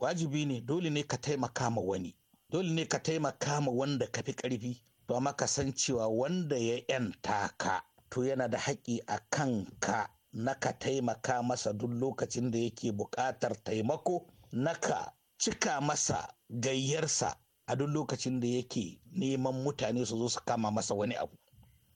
wajibi ne dole ne ka taimaka ma wani dole ne ka taimaka ma wanda ka fi ƙarfi to amma ka san cewa wanda ya yanta ka to yana da haƙƙi a kanka naka taimaka masa duk lokacin da yake buƙatar taimako naka cika masa gayyarsa a duk lokacin da yake neman mutane su zo su kama masa wani abu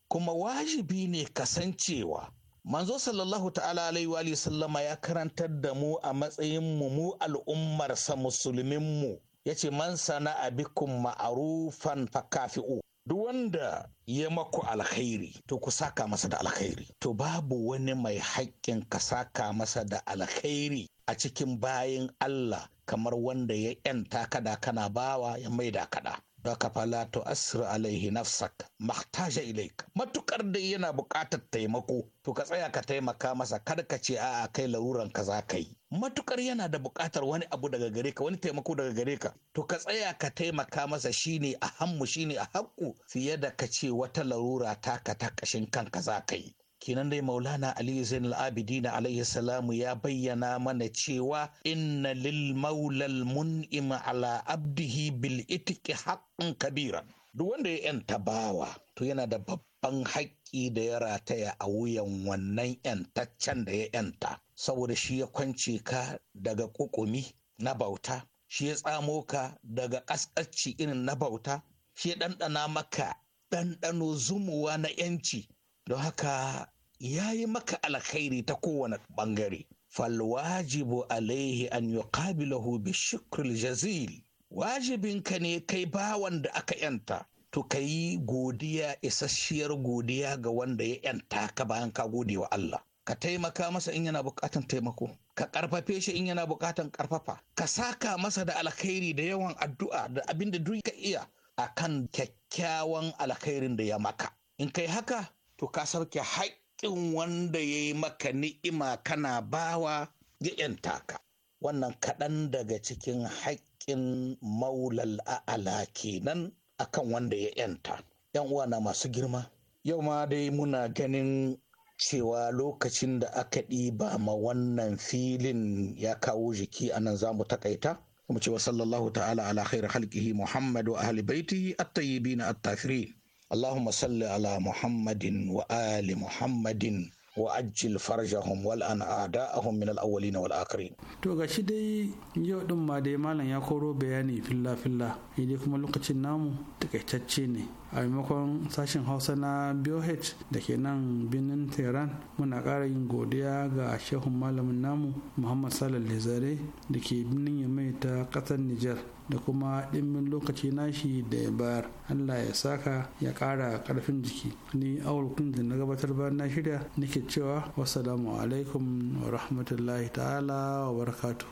kuma wajibi ne kasancewa manzo sallallahu ta'ala alaihi wa sallama ya karantar da mu a matsayin mu mu al'ummarsa musulmin mu yace man sana'a bikum ma'arufan fakafi'u duk wanda ya maku alkhairi to ku saka masa da alkhairi to babu wani mai haƙƙin ka saka masa da alkhairi a cikin bayin Allah kamar wanda ya ‘yanta kada kana bawa ya da kada Daka fala to asir alaihi nafsak mahtaja ilaik matukar dai yana buƙatar taimako to ka tsaya ka taimaka masa kada ka ce a'a kai laruran ka za ka yi matukar yana da buƙatar wani abu daga gare ka wani taimako daga gare ka to ka tsaya ka taimaka masa shine a hammu shine a haƙƙu fiye da ka ce wata larura ta ka ta ƙashin kanka za ka yi kenan dai maulana ali zain al-abidin alayhi salamu ya bayyana mana cewa inna lil maulal mun'im ala abdihi bil itqi haqqan kabiran duk wanda ya yanta bawa to yana da babban haƙƙi da ya rataya a wuyan wannan yantaccen da ya yanta saboda shi ya kwance ka daga ƙuƙumi na bauta shi ya tsamo ka daga ƙasƙarci irin na bauta shi ya ɗanɗana maka ɗanɗano zumuwa na yanci don haka ya yi maka alkhairi ta kowane bangare falwajibu alaihi an yuqabilahu bi shukril jazil wajibinka ne kai bawan da aka yanta to ka yi godiya isasshiyar godiya ga wanda ya yanta ka bayan ka gode wa Allah ka taimaka masa in yana bukatan taimako ka karfafe shi in yana bukatan karfafa ka saka masa da alkhairi da yawan addu'a da abin da duk ka iya akan kyakkyawan alkhairin da ya maka in kai haka to ka sauke haƙƙi haƙƙin wanda ya yi maka ni'ima kana bawa ya ‘yanta ka. Wannan kaɗan daga cikin haƙƙin maulal a'ala kenan akan wanda ya ‘yanta. ‘Yan na masu girma, yau ma dai muna ganin cewa lokacin da aka ɗiba ma wannan filin ya kawo jiki a nan za mu taƙaita. Kuma cewa sallallahu ta'ala ala khairu halƙihi Muhammadu ahli baiti at-tayyibin at-tafirin. Allahumma salli ala Muhammadin wa ali Muhammadin wa ajil farjahum wal an ada'ahum min al-awwalin wal akhirin to ga shi dai yau din ma dai malam ya koro bayani filla filla idan kuma lokacin namu takaitacce ne a maimakon sashen hausa na biohet da ke nan birnin tehran muna ƙara yin godiya ga shehun malamin namu muhammad salal lezare da ke birnin yamai ta ƙasar Nijar. da kuma dimmin lokaci nashi da ya bayar allah ya saka ya ƙara ƙarfin jiki ni awul da na gabatar bayan na shirya nake cewa wasalamu alaikum wa rahmatullahi ta'ala wa barakatu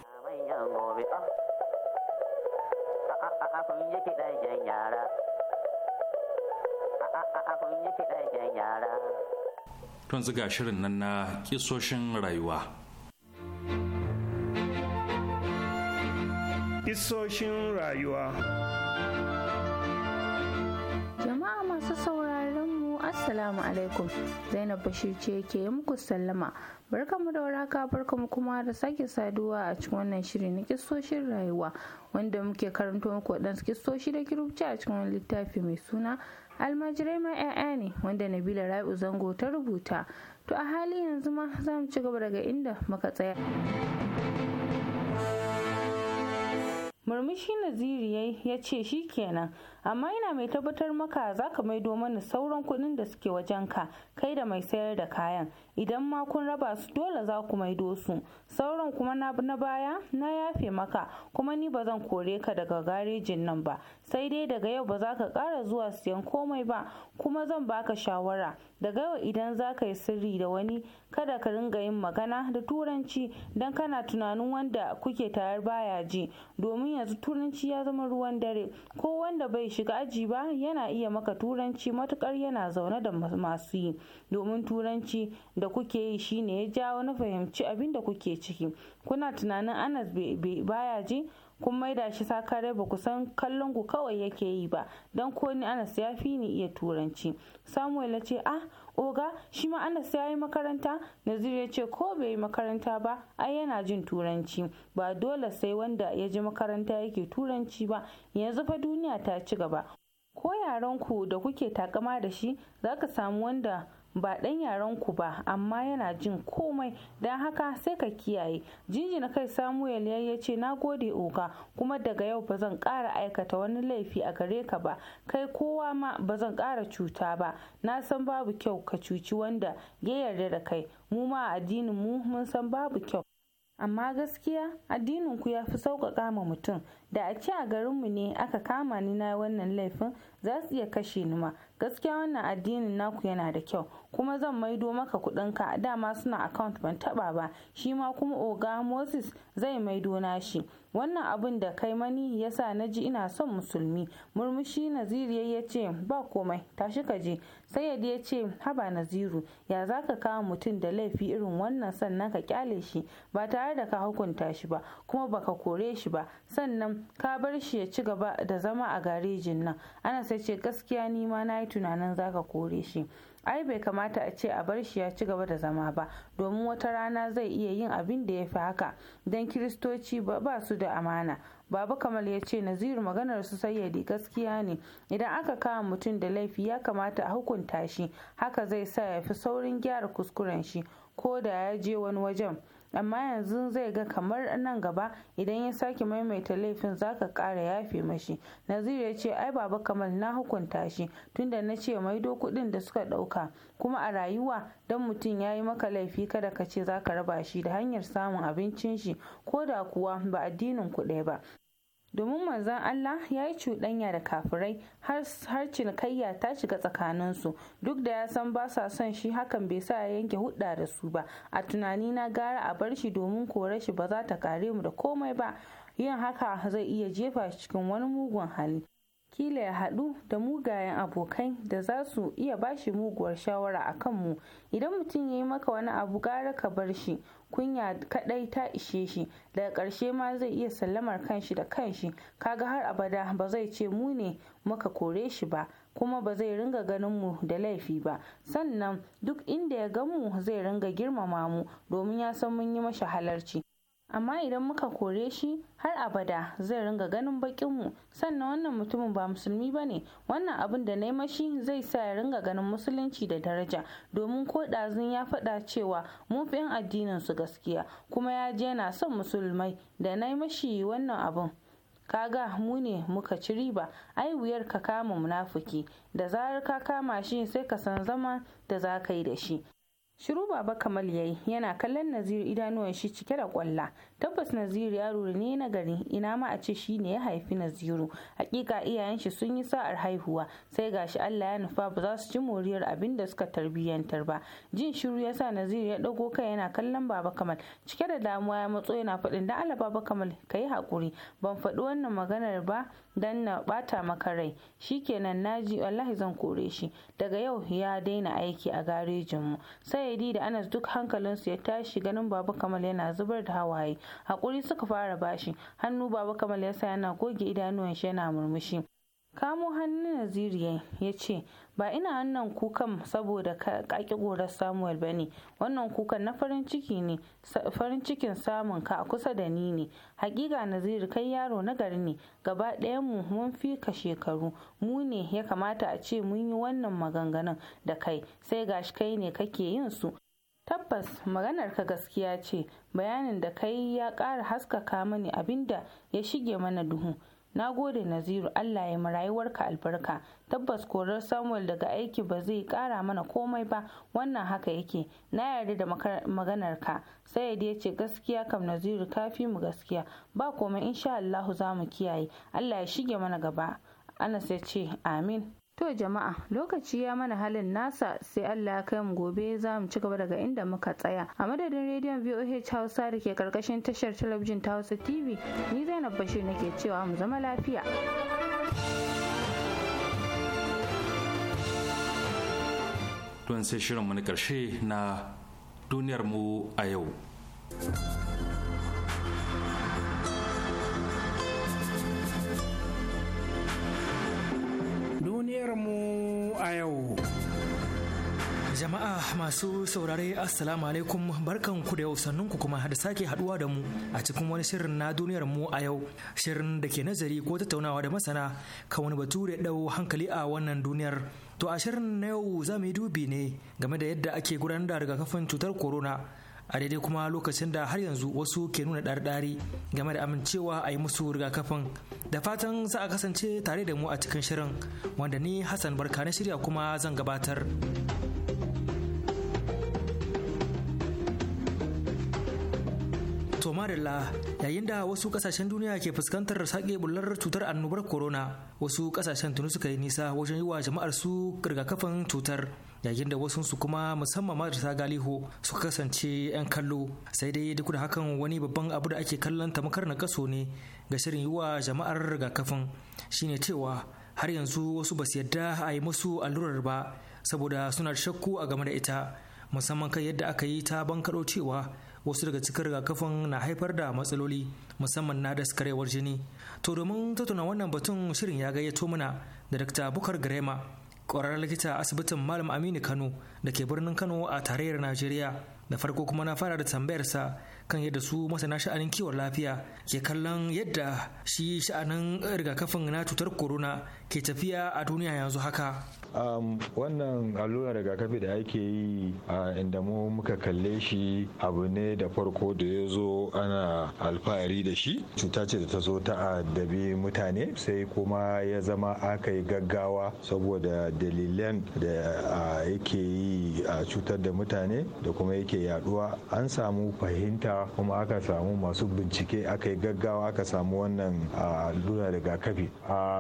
Tun ziga shirin nan na kisoshin rayuwa. kisoshin rayuwa. Jama'a masu sauraron mu Assalamu alaikum Zainab Bashir ce ke muku sallama. Barka Barkamu da waraka barkamu kuma da sake saduwa a cikin wannan shiri na kisoshin rayuwa wanda muke karanto muku waɗansu kisoshi da kirubci a cikin wani littafi mai suna almajirai ma 'ya'ya ne wanda Nabila Rabi'u Zango ta rubuta. To a hali yanzu ma za mu ci gaba daga inda muka tsaya. murmushi naziri ya ce shi kenan amma ina mai tabbatar maka za ka maido mana sauran kuɗin da suke wajen ka kai da mai sayar da kayan idan ma kun raba su dole za ku maido su sauran kuma na baya na yafe maka kuma ni ba zan kore ka daga garejin nan ba sai dai daga yau ba za ka ƙara zuwa siyan komai ba kuma zan baka shawara daga yau idan za ka yi sirri da wani kada ka ringa yin magana da turanci don kana tunanin wanda kuke tare baya ji domin yanzu turanci ya zama ruwan dare ko wanda bai shiga aji ba yana iya maka turanci matukar yana zaune da masu yi domin turanci da kuke yi shine ya jawo na fahimci abin da kuke ciki kuna tunanin anas baya ji kun maida shi sakare ba kusan kallon ku kawai yake yi ba don ko ni anas ya fi ni iya turanci samuel ya ce ah oga shi ma anas ya yi makaranta nazir ya ce ko bai yi makaranta ba ai yana jin turanci ba dole sai wanda ya ji makaranta yake turanci ba yanzu fa duniya ta ci gaba ko yaran da kuke takama da shi za ka samu wanda ba ɗan yaren ku ba amma yana jin komai don haka sai ka kiyaye Jinji na kai samuel ya ce na gode oga kuma daga yau ba zan ƙara aikata wani laifi a gare ka ba kai kowa ma ba zan ƙara cuta ba na san babu kyau ka cuci wanda ya yarda da kai mu ma addinin mu mun san babu kyau amma gaskiya addininku ya fi sauƙaƙa ma mutum da a ce a garinmu ne aka kama ni na wannan laifin za su iya kashe ni ma gaskiya wannan addinin naku yana da kyau kuma zan maido maka kuɗinka dama suna account ban taɓa ba shi ma kuma oga moses zai maido na shi wannan abin da kai mani sa na ji ina son musulmi murmushi naziri ya ce ba komai tashi ka je sai ya ce haba naziru ya za ka kawo mutum da laifi irin wannan sannan ka kyale shi ba tare da ka hukunta shi ba kuma ba ka kore shi ba sannan ka bar shi ya ci gaba da zama a garejin nan ana sai ce gaskiya ni ma na yi tunanin za ka kore shi ai bai kamata a ce a bar shi ya ci gaba da zama ba domin wata rana zai iya yin abin da ya fi haka don kiristoci ba su da amana Babu Kamal ya ce Naziru maganar su sayyadi gaskiya ne idan aka kama mutum da laifi ya kamata a hukunta shi haka zai sa ya fi saurin gyara kuskuren shi ko da ya je wani wajen amma yanzu zai ga kamar nan gaba idan ya sake maimaita laifin zaka kara yafe mashi naziru ya ce ai baba kamal na hukunta shi tunda na ce maido kuɗin da suka ɗauka kuma a rayuwa don mutum ya yi maka laifi kada ka ce zaka raba shi da hanyar samun abincin shi ko da kuwa ba addinin ku ba domin manzon Allah ya yi cuɗanya da kafirai har cinikayya ta shiga tsakaninsu duk da ya san ba sa son shi hakan bai sa ya yanke hudda da su ba a tunani na gara a bar shi domin kore shi ba za ta kare mu da komai ba yin haka zai iya jefa shi cikin wani mugun hali kila ya haɗu da mugayen abokai da za su iya ba shi muguwar shawara a kanmu idan mutum ya yi maka wani abu gara ka bar shi kunya kadai ta ishe shi daga ƙarshe ma zai iya sallamar kanshi da kanshi kaga har abada ba zai ce mu ne muka kore shi ba kuma ba zai ringa ganin mu da laifi ba sannan duk inda ya gan mu zai ringa girmama mu domin ya san mun yi mashi halarci amma idan muka kore shi har abada zai ringa ganin bakinmu sannan wannan mutumin ba musulmi ba ne wannan abin da na mashi zai sa ya ringa ganin musulunci da daraja domin ko ɗazun ya faɗa cewa mun fi yan addinin su gaskiya kuma ya je yana son musulmai da na mashi wannan abin kaga mu ne muka ci riba ai wuyar ka kama munafuki da zarar ka kama shi sai ka san zama da za ka yi da shi shiru baba kamal yayi yana kallon naziru idanuwan shi cike da kwalla tabbas naziru yaro ne na gari ina ma a ce shi ne ya haifi naziru hakika iyayen shi sun yi sa'ar haihuwa sai gashi allah ya nufa ba za su ji moriyar abin da suka tarbiyyantar ba jin shiru ya sa naziru ya dago kai yana kallon baba kamal cike da damuwa ya matso yana faɗin da allah baba kamal ka yi haƙuri ban faɗi wannan maganar ba dan na ɓata maka rai shikenan naji wallahi zan kore shi daga yau ya daina aiki a garejinmu sai zaidi da Anas duk hankalinsu ya tashi ganin Baba Kamal yana zubar da hawaye. Hakuri suka fara bashi, hannu Baba Kamal ya sa yana goge idanuwan shi yana murmushi. kamo hannun naziri ya ce ba ina wannan kukan saboda kaki gorar samuel ba ne wannan kukan na farin farin cikin samun ka a kusa da ni ne hakika naziri kai yaro na gari ne gaba ɗayan mu mun fi ka shekaru mu ne ya kamata a ce mun yi wannan maganganun da kai sai gashi kai ne kake yin su tabbas maganar ka gaskiya ce bayanin da kai ya ƙara haskaka mani abinda ya shige mana duhu na gode naziru allah ya ma rayuwarka albarka tabbas korar samuel daga aiki ba zai kara mana komai ba wannan haka yake na yarda da maganar ka sai ya ce gaskiya kam naziru ka fi mu gaskiya ba komai insha allahu za mu kiyaye allah ya shige mana gaba anas ya ce amin To jama'a lokaci ya mana halin nasa sai Allah ya kai mu gobe za mu ci gaba daga inda muka tsaya. A madadin rediyon VOH Hausa da ke karkashin tashar talabijin ta Hausa TV ni Zainab Bashir nake cewa mu zama lafiya. Don sai shirin na karshe na duniyar mu a yau. mu a yau. Jama'a masu saurare Assalamu alaikum barkan ku da yau sannun ku kuma da sake haduwa da mu a cikin wani shirin na duniyar mu a yau shirin da ke nazari ko tattaunawa da masana kan wani batu da dau hankali a wannan duniyar to a shirin na yau za mu yi dubi ne game da yadda ake gudanar da rigakafin cutar corona a daidai kuma lokacin da har yanzu wasu ke nuna ɗarɗari game da amincewa a yi musu rigakafin da fatan za a kasance tare da mu a cikin shirin wanda ni hassan barka na shirya kuma zan gabatar madalla yayin da wasu kasashen duniya ke fuskantar sake bullar cutar annobar corona wasu kasashen tunu suka yi nisa wajen yi wa jama'ar su rigakafin cutar yayin da wasu su kuma musamman marasa galiho suka kasance 'yan kallo sai dai duk da hakan wani babban abu da ake kallon tamakar na kaso ne ga shirin yi wa jama'ar rigakafin shine cewa har yanzu wasu ba su yadda a yi musu allurar ba saboda suna shakku a game da ita musamman kan yadda aka yi ta bankaɗo cewa wasu daga cikin rigakafin na haifar da matsaloli musamman na daskarewar jini to domin tattauna wannan batun shirin ya gayyato mana da dr bukar grema ƙwararren likita asibitin malam aminu kano da ke birnin kano a tarayyar najeriya da farko kuma na fara da tambayarsa kan yadda su masana sha'anin kiwon lafiya ke kallon yadda shi sha'anin rigakafin na cutar corona ke tafiya a duniya yanzu haka Um, wannan allura rigakafi da ake yi a inda mu muka kalle shi abu ne da farko da ya zo ana alfahari da shi cuta ce da ta zo ta addabi mutane sai kuma ya zama aka yi gaggawa saboda dalilan da yake yi a cutar da mutane da kuma yake yaduwa an samu fahimta kuma aka samu masu bincike aka yi gaggawa aka samu wannan allura rigakafi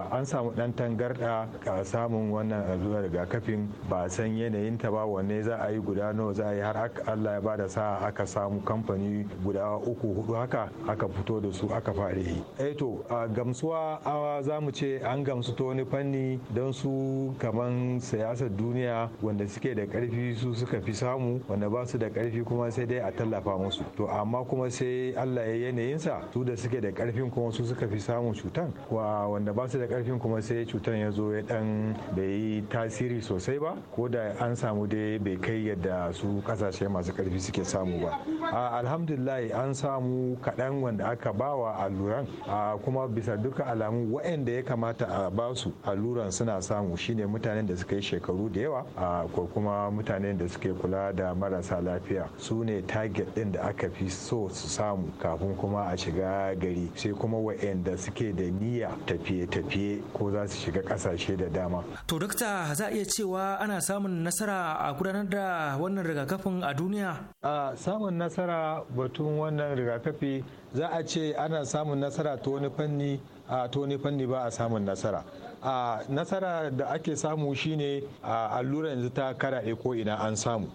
an samu dan tangarda samun wannan zuwa daga rigakafin ba a san yanayin ta ba wanne za a yi guda nawa za a yi har Allah ya bada sa aka samu kamfani guda uku hudu haka aka fito da su aka fare yi eh to a gamsuwa awa za mu ce an gamsu ta wani fanni don su kaman siyasar duniya wanda suke da karfi su suka fi samu wanda ba su da karfi kuma sai dai a tallafa musu to amma kuma sai Allah ya yanayinsa su da suke da karfin kuma su suka fi samu cutan wa wanda ba su da karfin kuma sai cutan ya zo ya dan bai tasiri sosai ba ko da an samu dai bai kai yadda su kasashe masu karfi suke samu ba alhamdulillah an samu kaɗan wanda aka bawa alluran kuma bisa duka alamu waɗanda ya kamata a ba basu alluran suna samu shine mutanen da suka yi shekaru da yawa ko kuma mutanen da suke kula da marasa lafiya su ne target ɗin da aka fi so su samu kafin kuma a shiga gari sai kuma waɗanda suke da niyya tafiye-tafiye ko za su shiga ƙasashe da dama to dokta za a iya cewa ana samun nasara a gudanar da wannan rigakafin a duniya? A samun nasara batun wannan rigakafi za a ce ana samun nasara ta wani fanni a ta wani fanni ba a samun nasara. a nasara da ake samu shine a allura yanzu ta karaɗe ko ina an samu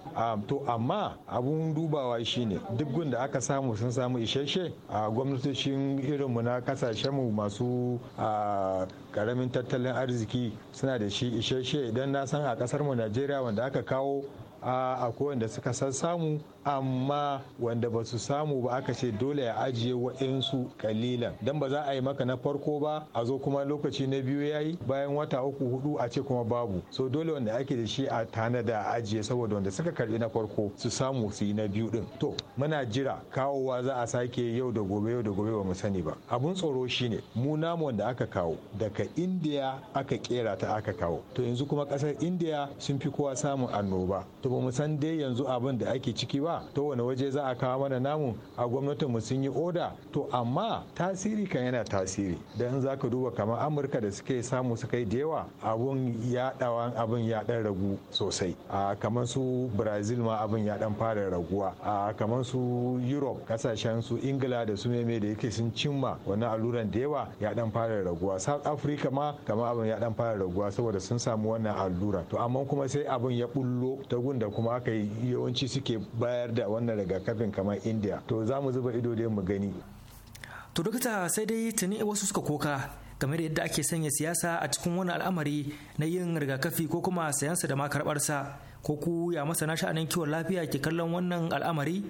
to amma abun dubawa shine duk gun da aka samu sun samu isasshe a gwamnatocin irinmu na kasashenmu masu karamin tattalin arziki suna da shi isasshe idan na san a kasar mu najeriya wanda aka kawo a akwai wanda suka san samu amma wanda ba su samu ba aka ce dole ya ajiye wa'insu kalilan don ba za a yi maka na farko ba a zo kuma lokaci na biyu yayi bayan wata uku hudu a ce kuma babu so dole wanda ake da shi a tana da ajiye saboda wanda suka karbi na farko su samu su yi na biyu din to muna jira kawowa za a sake yau da gobe yau da gobe ba mu sani ba abun tsoro shine mu namu wanda aka kawo daga indiya aka kera ta aka kawo to yanzu kuma kasar indiya sun fi kowa samun annoba to ba mu san dai yanzu abin da ake ciki ba to wani waje za a kawo mana namu a gwamnatin mu sun yi oda to amma tasiri kan yana tasiri dan za ka duba kamar amurka da suke samu su kai da yawa abun ya abin ya dan ragu sosai a kamar su brazil ma abin ya dan fara raguwa a kamar su europe kasashen su ingila da su meme da yake sun cimma wani alluran da yawa ya dan fara raguwa south africa ma kamar abin ya dan fara raguwa saboda sun samu wannan allura to amma kuma sai abin ya bullo ta gun wanda kuma aka yi yawanci suke bayar da wannan rigakafin kamar india to za mu zuba ido da mu gani to dokta sai dai tuni wasu suka koka game da yadda ake sanya siyasa a cikin wani al'amari na yin rigakafi ko kuma sayansa da ma sa ko ku ya masana sha'anin kiwon lafiya ke kallon wannan al'amari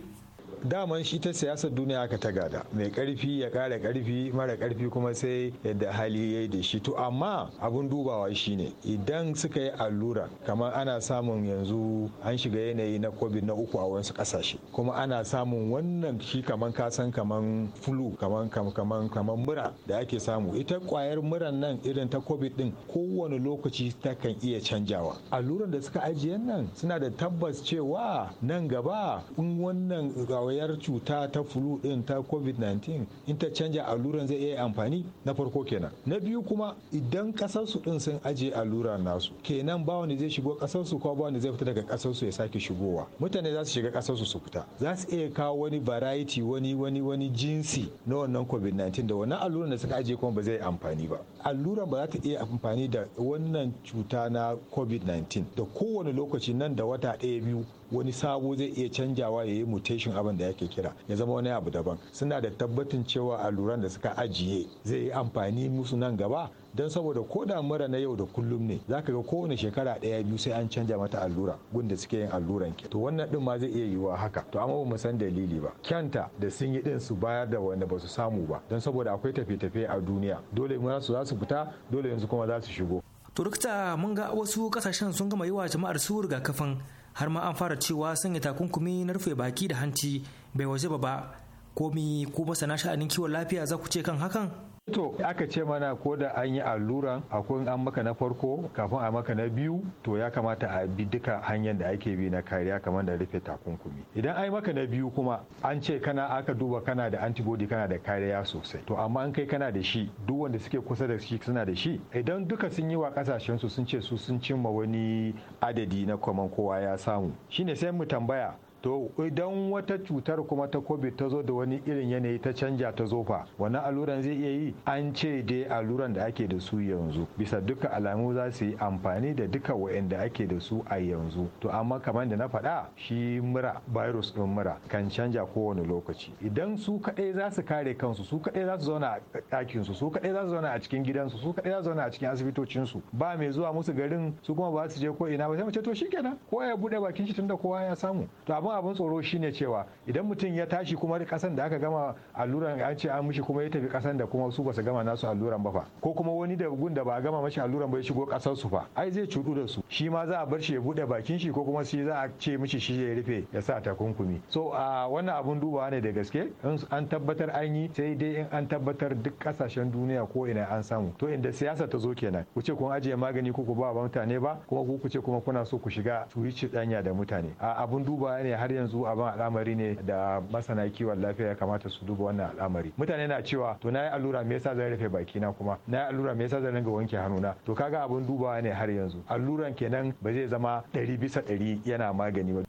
daman shi ta siyasar duniya aka ta gada mai karfi ya kara karfi mara karfi kuma sai yadda hali ya yi da shi to amma abun dubawa shine idan suka yi allura kamar ana samun yanzu an shiga yanayi na covid na uku a wasu kasashe kuma ana samun wannan shi kaman kasan kaman flu kaman kaman kamar mura da ake samu ita kwayar muran nan irin ta covid din kowane lokaci ta kan iya canjawa alluran da suka ajiye nan suna da tabbas cewa nan gaba in wannan kwayar cuta ta flu ɗin ta covid-19 in ta canja alluran zai iya amfani na farko kenan na biyu kuma idan ƙasarsu ɗin din sun ajiye allura nasu kenan ba wani zai shigo ƙasarsu kuma ko ba wani zai fita daga ƙasarsu ya sake shigowa mutane za su shiga ƙasarsu su fita za su iya kawo wani variety wani wani wani jinsi na wannan covid-19 da wannan alluran da suka ajiye kuma ba zai amfani ba alluran ba za ta iya amfani da wannan cuta na covid-19 da kowane lokaci nan da wata ɗaya biyu wani sabo zai iya canjawa ya yi mutation abin da yake kira ya zama wani abu daban suna da tabbatin cewa alluran da suka ajiye zai yi amfani musu nan gaba don saboda ko da mura na yau da kullum ne za ka ga kowane shekara ɗaya biyu sai an canja mata allura gunda suke yin alluran ke to wannan din ma zai iya yiwuwa haka to amma ba mu san dalili ba kyanta da sun yi din su bayar da wanda ba su samu ba don saboda akwai tafiye-tafiye a duniya dole mu su za su fita dole yanzu kuma za su shigo turkta mun ga wasu kasashen sun gama yi wa jama'ar su rigakafin har ma an fara cewa sanya takunkumi na rufe baki da hanci bai waje ba komi ko masana sha'anin kiwon lafiya za ku ce kan hakan To aka ce mana ko da an yi allura akwai an maka na farko kafin a maka na biyu to ya kamata a bi duka hanyar da ake bi na kariya kamar da rufe takunkumi. Idan ai maka na biyu kuma an ce kana aka duba kana da antibody kana da kariya sosai. To amma an kai kana da shi duk wanda suke kusa da shi suna da shi. Idan duka sun yi wa kasashen su sun ce su sun cimma wani adadi na kwaman kowa ya samu. Shine sai mu tambaya to idan wata cutar kuma ta covid ta zo da wani irin yanayi ta canja ta zofa wannan alluran zai iya yi an ce dai alluran da ake da su yanzu bisa duka alamu za su yi amfani da duka wa'anda ake da su a yanzu to amma kamar da na faɗa shi mura virus ɗin mura kan canja kowane lokaci idan su kaɗai za su kare kansu su kaɗai za su zauna a ɗakinsu su kaɗai za su zauna a cikin gidansu su kaɗai za su zauna a cikin asibitocinsu ba mai zuwa musu garin su kuma ba su je ko ina ba sai mu ce to shikenan ko ya buɗe bakin shi tunda kowa ya samu to amma abin tsoro shine cewa idan mutum ya tashi kuma kasan da aka gama alluran an ce an mishi kuma ya tafi kasan da kuma su basu gama nasu alluran ba fa ko kuma wani da gun da ba a gama mashi alluran ba ya shigo kasar su fa ai zai cudu da su shi ma za a bar shi ya bude bakin shi ko kuma shi za a ce mishi shi ya rufe ya sa takunkumi so a wannan abun dubawa ne da gaske in an tabbatar an yi sai dai in an tabbatar duk kasashen duniya ko ina an samu to inda siyasa ta zo kenan ku ce kun ajiye magani ko ku ba mutane ba kuma ku ce kuma kuna so ku shiga su yi danya da mutane a abun dubawa ne har yanzu abin al'amari ne da masana kiwon lafiya ya kamata su duba wannan al'amari mutane na cewa to na yi allura me yasa zan rufe baki na kuma na yi allura me yasa zan ga wanke hannuna to kaga abin dubawa ne har yanzu alluran kenan ba zai zama ɗari bisa ɗari yana magani ba.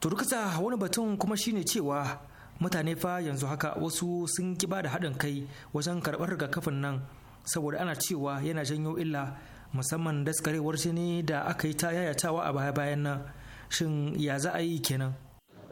to rukuta wani batun kuma shine cewa mutane fa yanzu haka wasu sun ki ba da haɗin kai wajen karɓar rigakafin nan saboda ana cewa yana janyo illa musamman daskarewar jini da aka yi ta yayatawa a baya-bayan nan shin ya za a yi kenan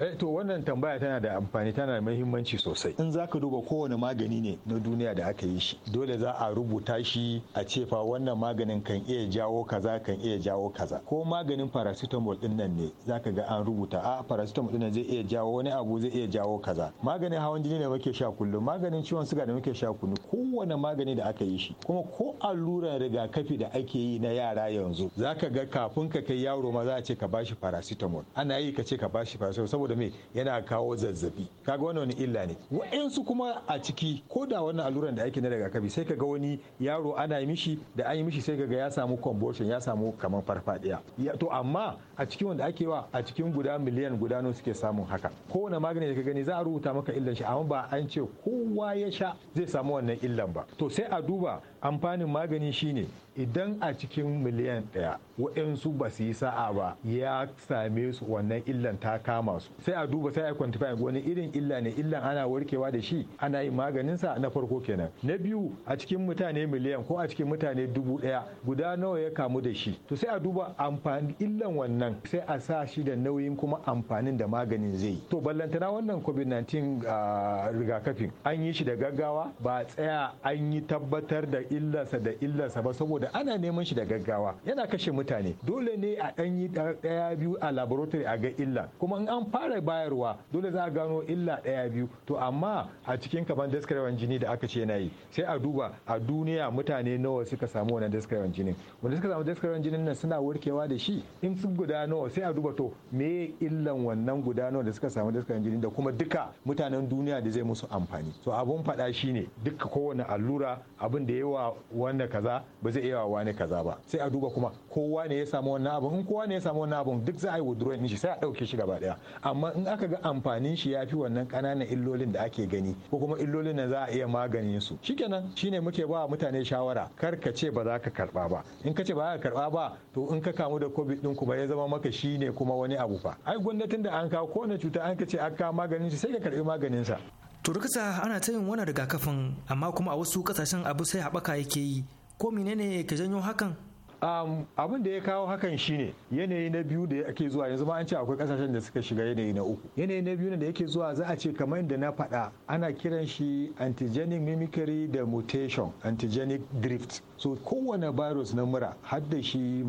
eh to wannan tambaya tana da amfani tana da muhimmanci sosai in zaka duba kowane magani ne na duniya da aka yi shi dole za a rubuta shi a ce fa wannan maganin kan iya jawo kaza kan iya jawo kaza ko maganin paracetamol din nan ne zaka ga an rubuta a paracetamol din nan zai iya jawo wani abu zai iya jawo kaza maganin hawan jini ne muke sha kullum maganin ciwon suga da muke sha kullum kowane magani da aka yi shi kuma ko alluran rigakafi da ake yi na yara yanzu zaka ga kafin ka kai yaro ma za a ce ka bashi paracetamol ana yi ka ce ka bashi paracetamol saboda me yana kawo zazzabi kaga wannan wani illa ne wa'ansu kuma a ciki ko da wannan alluran da ake na rigakafi sai kaga wani yaro ana yi mishi da an yi mishi sai kaga ya samu convulsion ya samu kamar farfadiya to amma a cikin wanda ake wa a cikin guda miliyan guda nawa suke samun haka kowane magani da ka gani za a rubuta maka illan shi amma ba an ce kowa ya sha zai samu wannan illan ba to sai a duba amfanin magani shine idan a cikin miliyan ɗaya waɗansu ba su yi sa'a ba ya same su wannan illan ta kama su sai a duba sai a kwantifa wani irin illa ne illan ana warkewa da shi ana yin maganinsa na farko kenan na biyu a cikin mutane miliyan ko a cikin mutane dubu ɗaya guda nawa ya kamu da shi to sai a duba amfani illan wannan sai a sa shi da nauyin kuma amfanin da maganin zai yi to ballantana wannan covid-19 ah, rigakafin an yi shi da gaggawa ba tsaya an yi tabbatar da illarsa da illarsa ba saboda ana neman shi da gaggawa yana kashe mutane dole ne a dan yi ɗaya biyu a laboratory a ga illa kuma in an fara bayarwa dole za a gano illa daya biyu to amma a cikin kaman daskarewan jini da aka ce na yi sai a duba a duniya mutane nawa suka samu wannan daskarewan jinin wanda suka samu daskarewan jinin nan suna warkewa da shi in sun guda nawa sai a duba to me illan wannan guda nawa da suka samu daskarewan jini da kuma duka mutanen duniya da zai musu amfani to abun fada shine duka kowane allura abin da yawa wa wanda kaza ba zai iya wa wani kaza ba sai a duba kuma kowa ne ya samu wannan abun in kowa ne ya samu wannan abun duk za a yi withdrawing din shi sai a dauke shi gaba daya amma in aka ga amfanin shi yafi wannan kananan illolin da ake gani ko kuma illolin nan za a iya maganin su shikenan shine muke ba mutane shawara kar ka ce ba za ka karba ba in ka ce ba za ka karba ba to in ka kamu da covid din kuma ya zama maka shine kuma wani abu fa ai gwamnatin da an kawo kowane cuta an ka ce aka maganin shi sai ka karbi maganin sa turkisa ana ta yin wani rigakafin amma kuma a wasu kasashen abu sai haɓaka yake yi ko menene ka janyo hakan Um, abin da ya kawo hakan shine yanayi na biyu da ake zuwa yanzu ma an ce akwai kasashen da suka shiga yanayi na uku yanayi na biyu da yake zuwa za a ce kamar da na faɗa ana kiran shi antigenic mimicry da mutation antigenic drift so kowane virus na mura hadda shi eh,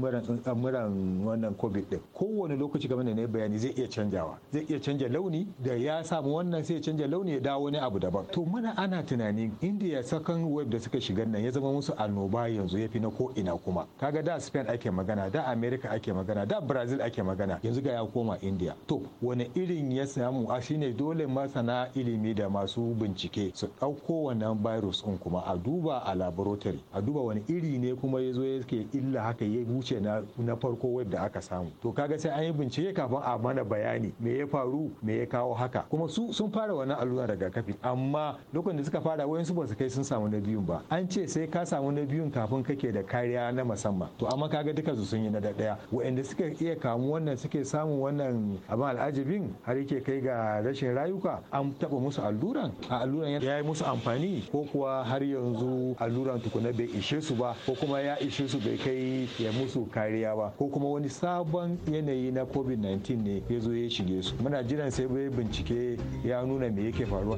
muran wannan covid din kowane lokaci game da na bayani zai iya canjawa zai iya canja launi da ya samu wannan sai ya canja launi ya dawo wani abu daban to mana ana tunanin india sakan web da suka shiga nan ya zama musu annoba yanzu ya fi na ko ina kuma kaga da spain ake magana da america ake magana da brazil ake magana yanzu ga ya koma india to wani irin ya samu a shine dole masana ilimi da masu bincike su ɗauko wannan virus din kuma a duba a laboratory a duba wani wani iri ne kuma ya zo yake illa haka ya wuce na farko wadda aka samu to kaga sai an yi bincike kafin a mana bayani me ya faru me ya kawo haka kuma su sun fara wannan allura daga kafi amma lokacin da suka fara wayansu ba su kai sun samu na biyun ba an ce sai ka samu na biyun kafin kake da kariya na musamman to amma kaga duka su sun yi na daya wayanda suka iya kamu wannan suke samun wannan abin al'ajabin har yake kai ga rashin rayuka an taba musu alluran a alluran ya yi musu amfani ko kuwa har yanzu alluran tukuna bai ishe su su ba ko kuma ya ishe su bai kai ya musu kariya ba ko kuma wani sabon yanayi na covid-19 ne ya zo ya shige su muna jiran sai bai bincike ya nuna me yake faruwa.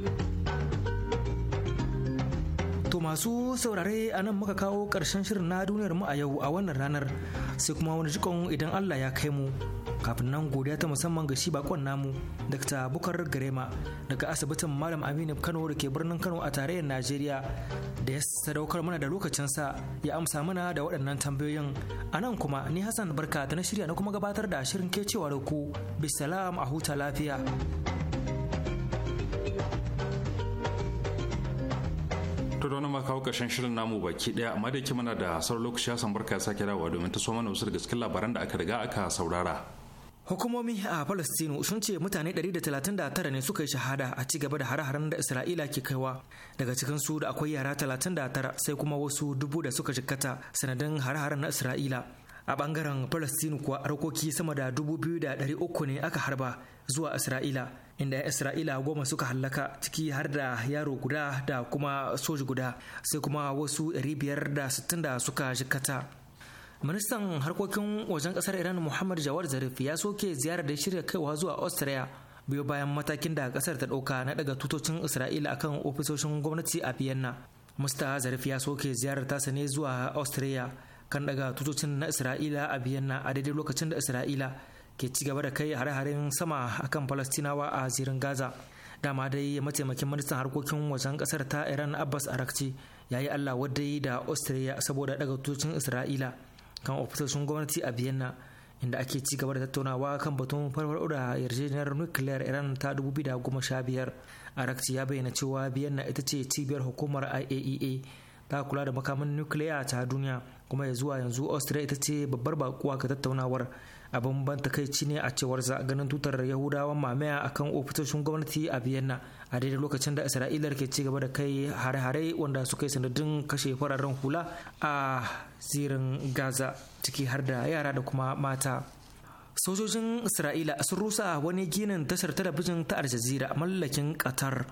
masu saurare a nan muka kawo ƙarshen shirin na duniyar mu a yau a wannan ranar sai kuma wani jikon idan Allah ya kai mu kafin nan godiya ta musamman ga shi bakon namu Dr. Bukar Garema daga asibitin Malam Aminu Kano da ke birnin Kano a tarayyar Najeriya da ya sadaukar mana da lokacinsa ya amsa mana da waɗannan tambayoyin a nan kuma ni Hassan Barka da na shirya na kuma gabatar da shirin ke cewa da ku bisalam a huta lafiya. to maka ma kawo karshen shirin namu baki daya amma da ke muna da sauran lokaci ya san barka ya sake dawowa domin ta so mana wasu daga labaran da aka riga aka saurara Hukumomi a Falastinu sun ce mutane 139 ne suka yi shahada a ci gaba da hare da Isra'ila ke kaiwa. Daga cikin su da akwai yara 39 sai kuma wasu dubu da suka jikkata sanadin hare-haren na Isra'ila. A bangaren Falastinu kuwa harkoki sama da 2,300 ne aka harba zuwa Isra'ila inda isra'ila goma suka hallaka ciki har da yaro guda da kuma soji guda sai kuma wasu sittin da suka jikata ministan harkokin wajen kasar iran muhammad jawar zarif ya soke ziyarar da shirya kaiwa zuwa austria biyo bayan matakin da kasar ta dauka na daga tutocin isra'ila akan ofisoshin gwamnati a vienna musta zarif ya soke ziyarar tasa ne zuwa austria kan daga tutocin na isra'ila a vienna a daidai lokacin da isra'ila ke cigaba gaba da kai hare-haren sama akan falastinawa a zirin gaza dama dai mataimakin ministan harkokin wajen kasar ta iran abbas arakci ya yi allah wadai da austria saboda daga tutocin isra'ila kan ofisoshin gwamnati a vienna inda ake ci gaba da tattaunawa kan batun farfar da yarjejeniyar nukiliyar iran ta 2015 arakci ya bayyana cewa vienna ita ce cibiyar hukumar iaea e ta kula da makamin nukiliya ta duniya kuma ya zuwa yanzu austria ita ce babbar bakuwa ga tattaunawar abin ban takaici ne a cewar sa ganin tutar yahudawan mamaya akan ofisoshin gwamnati a vienna a daidai lokacin da isra'ila ke ci gaba da kai hare-hare wanda suka yi sanadin kashe fararen hula a zirin gaza ciki har da yara da kuma mata sojojin isra'ila sun rusa wani ginin tashar talabijin ta aljazira mallakin qatar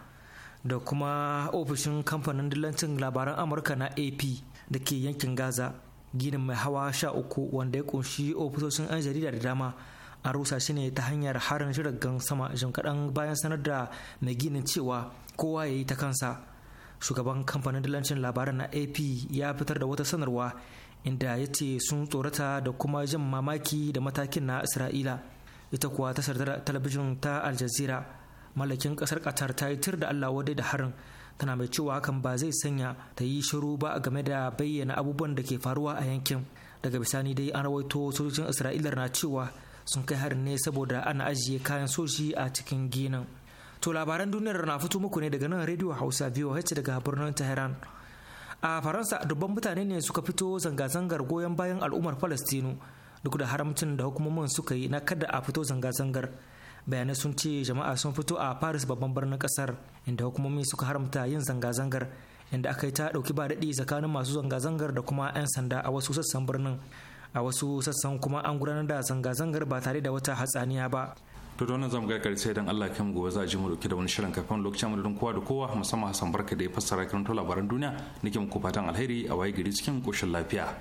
da kuma ofishin kamfanin dillancin labaran amurka na ap da ke yankin gaza ginin mai hawa sha uku wanda ya kunshi ofisoshin 'yan jarida da dama an rusa shi ne ta hanyar harin shirgan sama jin kaɗan bayan sanar da mai ginin cewa kowa ya yi ta kansa shugaban kamfanin dalancin labaran na ap ya fitar da wata sanarwa inda ya ce sun tsorata da kuma jin mamaki da matakin na isra'ila ita kuwa tashar talabijin ta al jazeera mallakin kasar qatar ta yi tir da allah wadai da harin tana mai cewa hakan ba zai sanya ta yi shiru ba game da bayyana abubuwan da ke faruwa a yankin daga bisani dai an rawaito sojojin isra'ila na cewa sun kai harin ne saboda ana ajiye kayan soji a cikin ginin to labaran duniyar na fito muku ne daga nan rediyo hausa biyu voh daga birnin tehran a faransa dubban mutane ne suka fito zanga-zangar goyon bayan al'ummar palestinu duk da haramcin da hukumomin suka yi na kada a fito zanga-zangar bayanai sun ce jama'a sun fito a paris babban birnin kasar inda hukumomi suka haramta yin zanga-zangar inda aka yi ta dauki ba daɗi tsakanin masu zanga-zangar da kuma 'yan sanda a wasu sassan birnin a wasu sassan kuma an gudanar da zanga-zangar ba tare da wata hatsaniya ba to don nan zamu ga sai dan Allah kai mu gobe za a ji mu dauke da wani shirin kafin lokacin mu kowa da kowa musamman Hassan Barka da ya fassara karanto labaran duniya nake muku fatan alheri a waye gari cikin koshin lafiya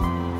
嗯。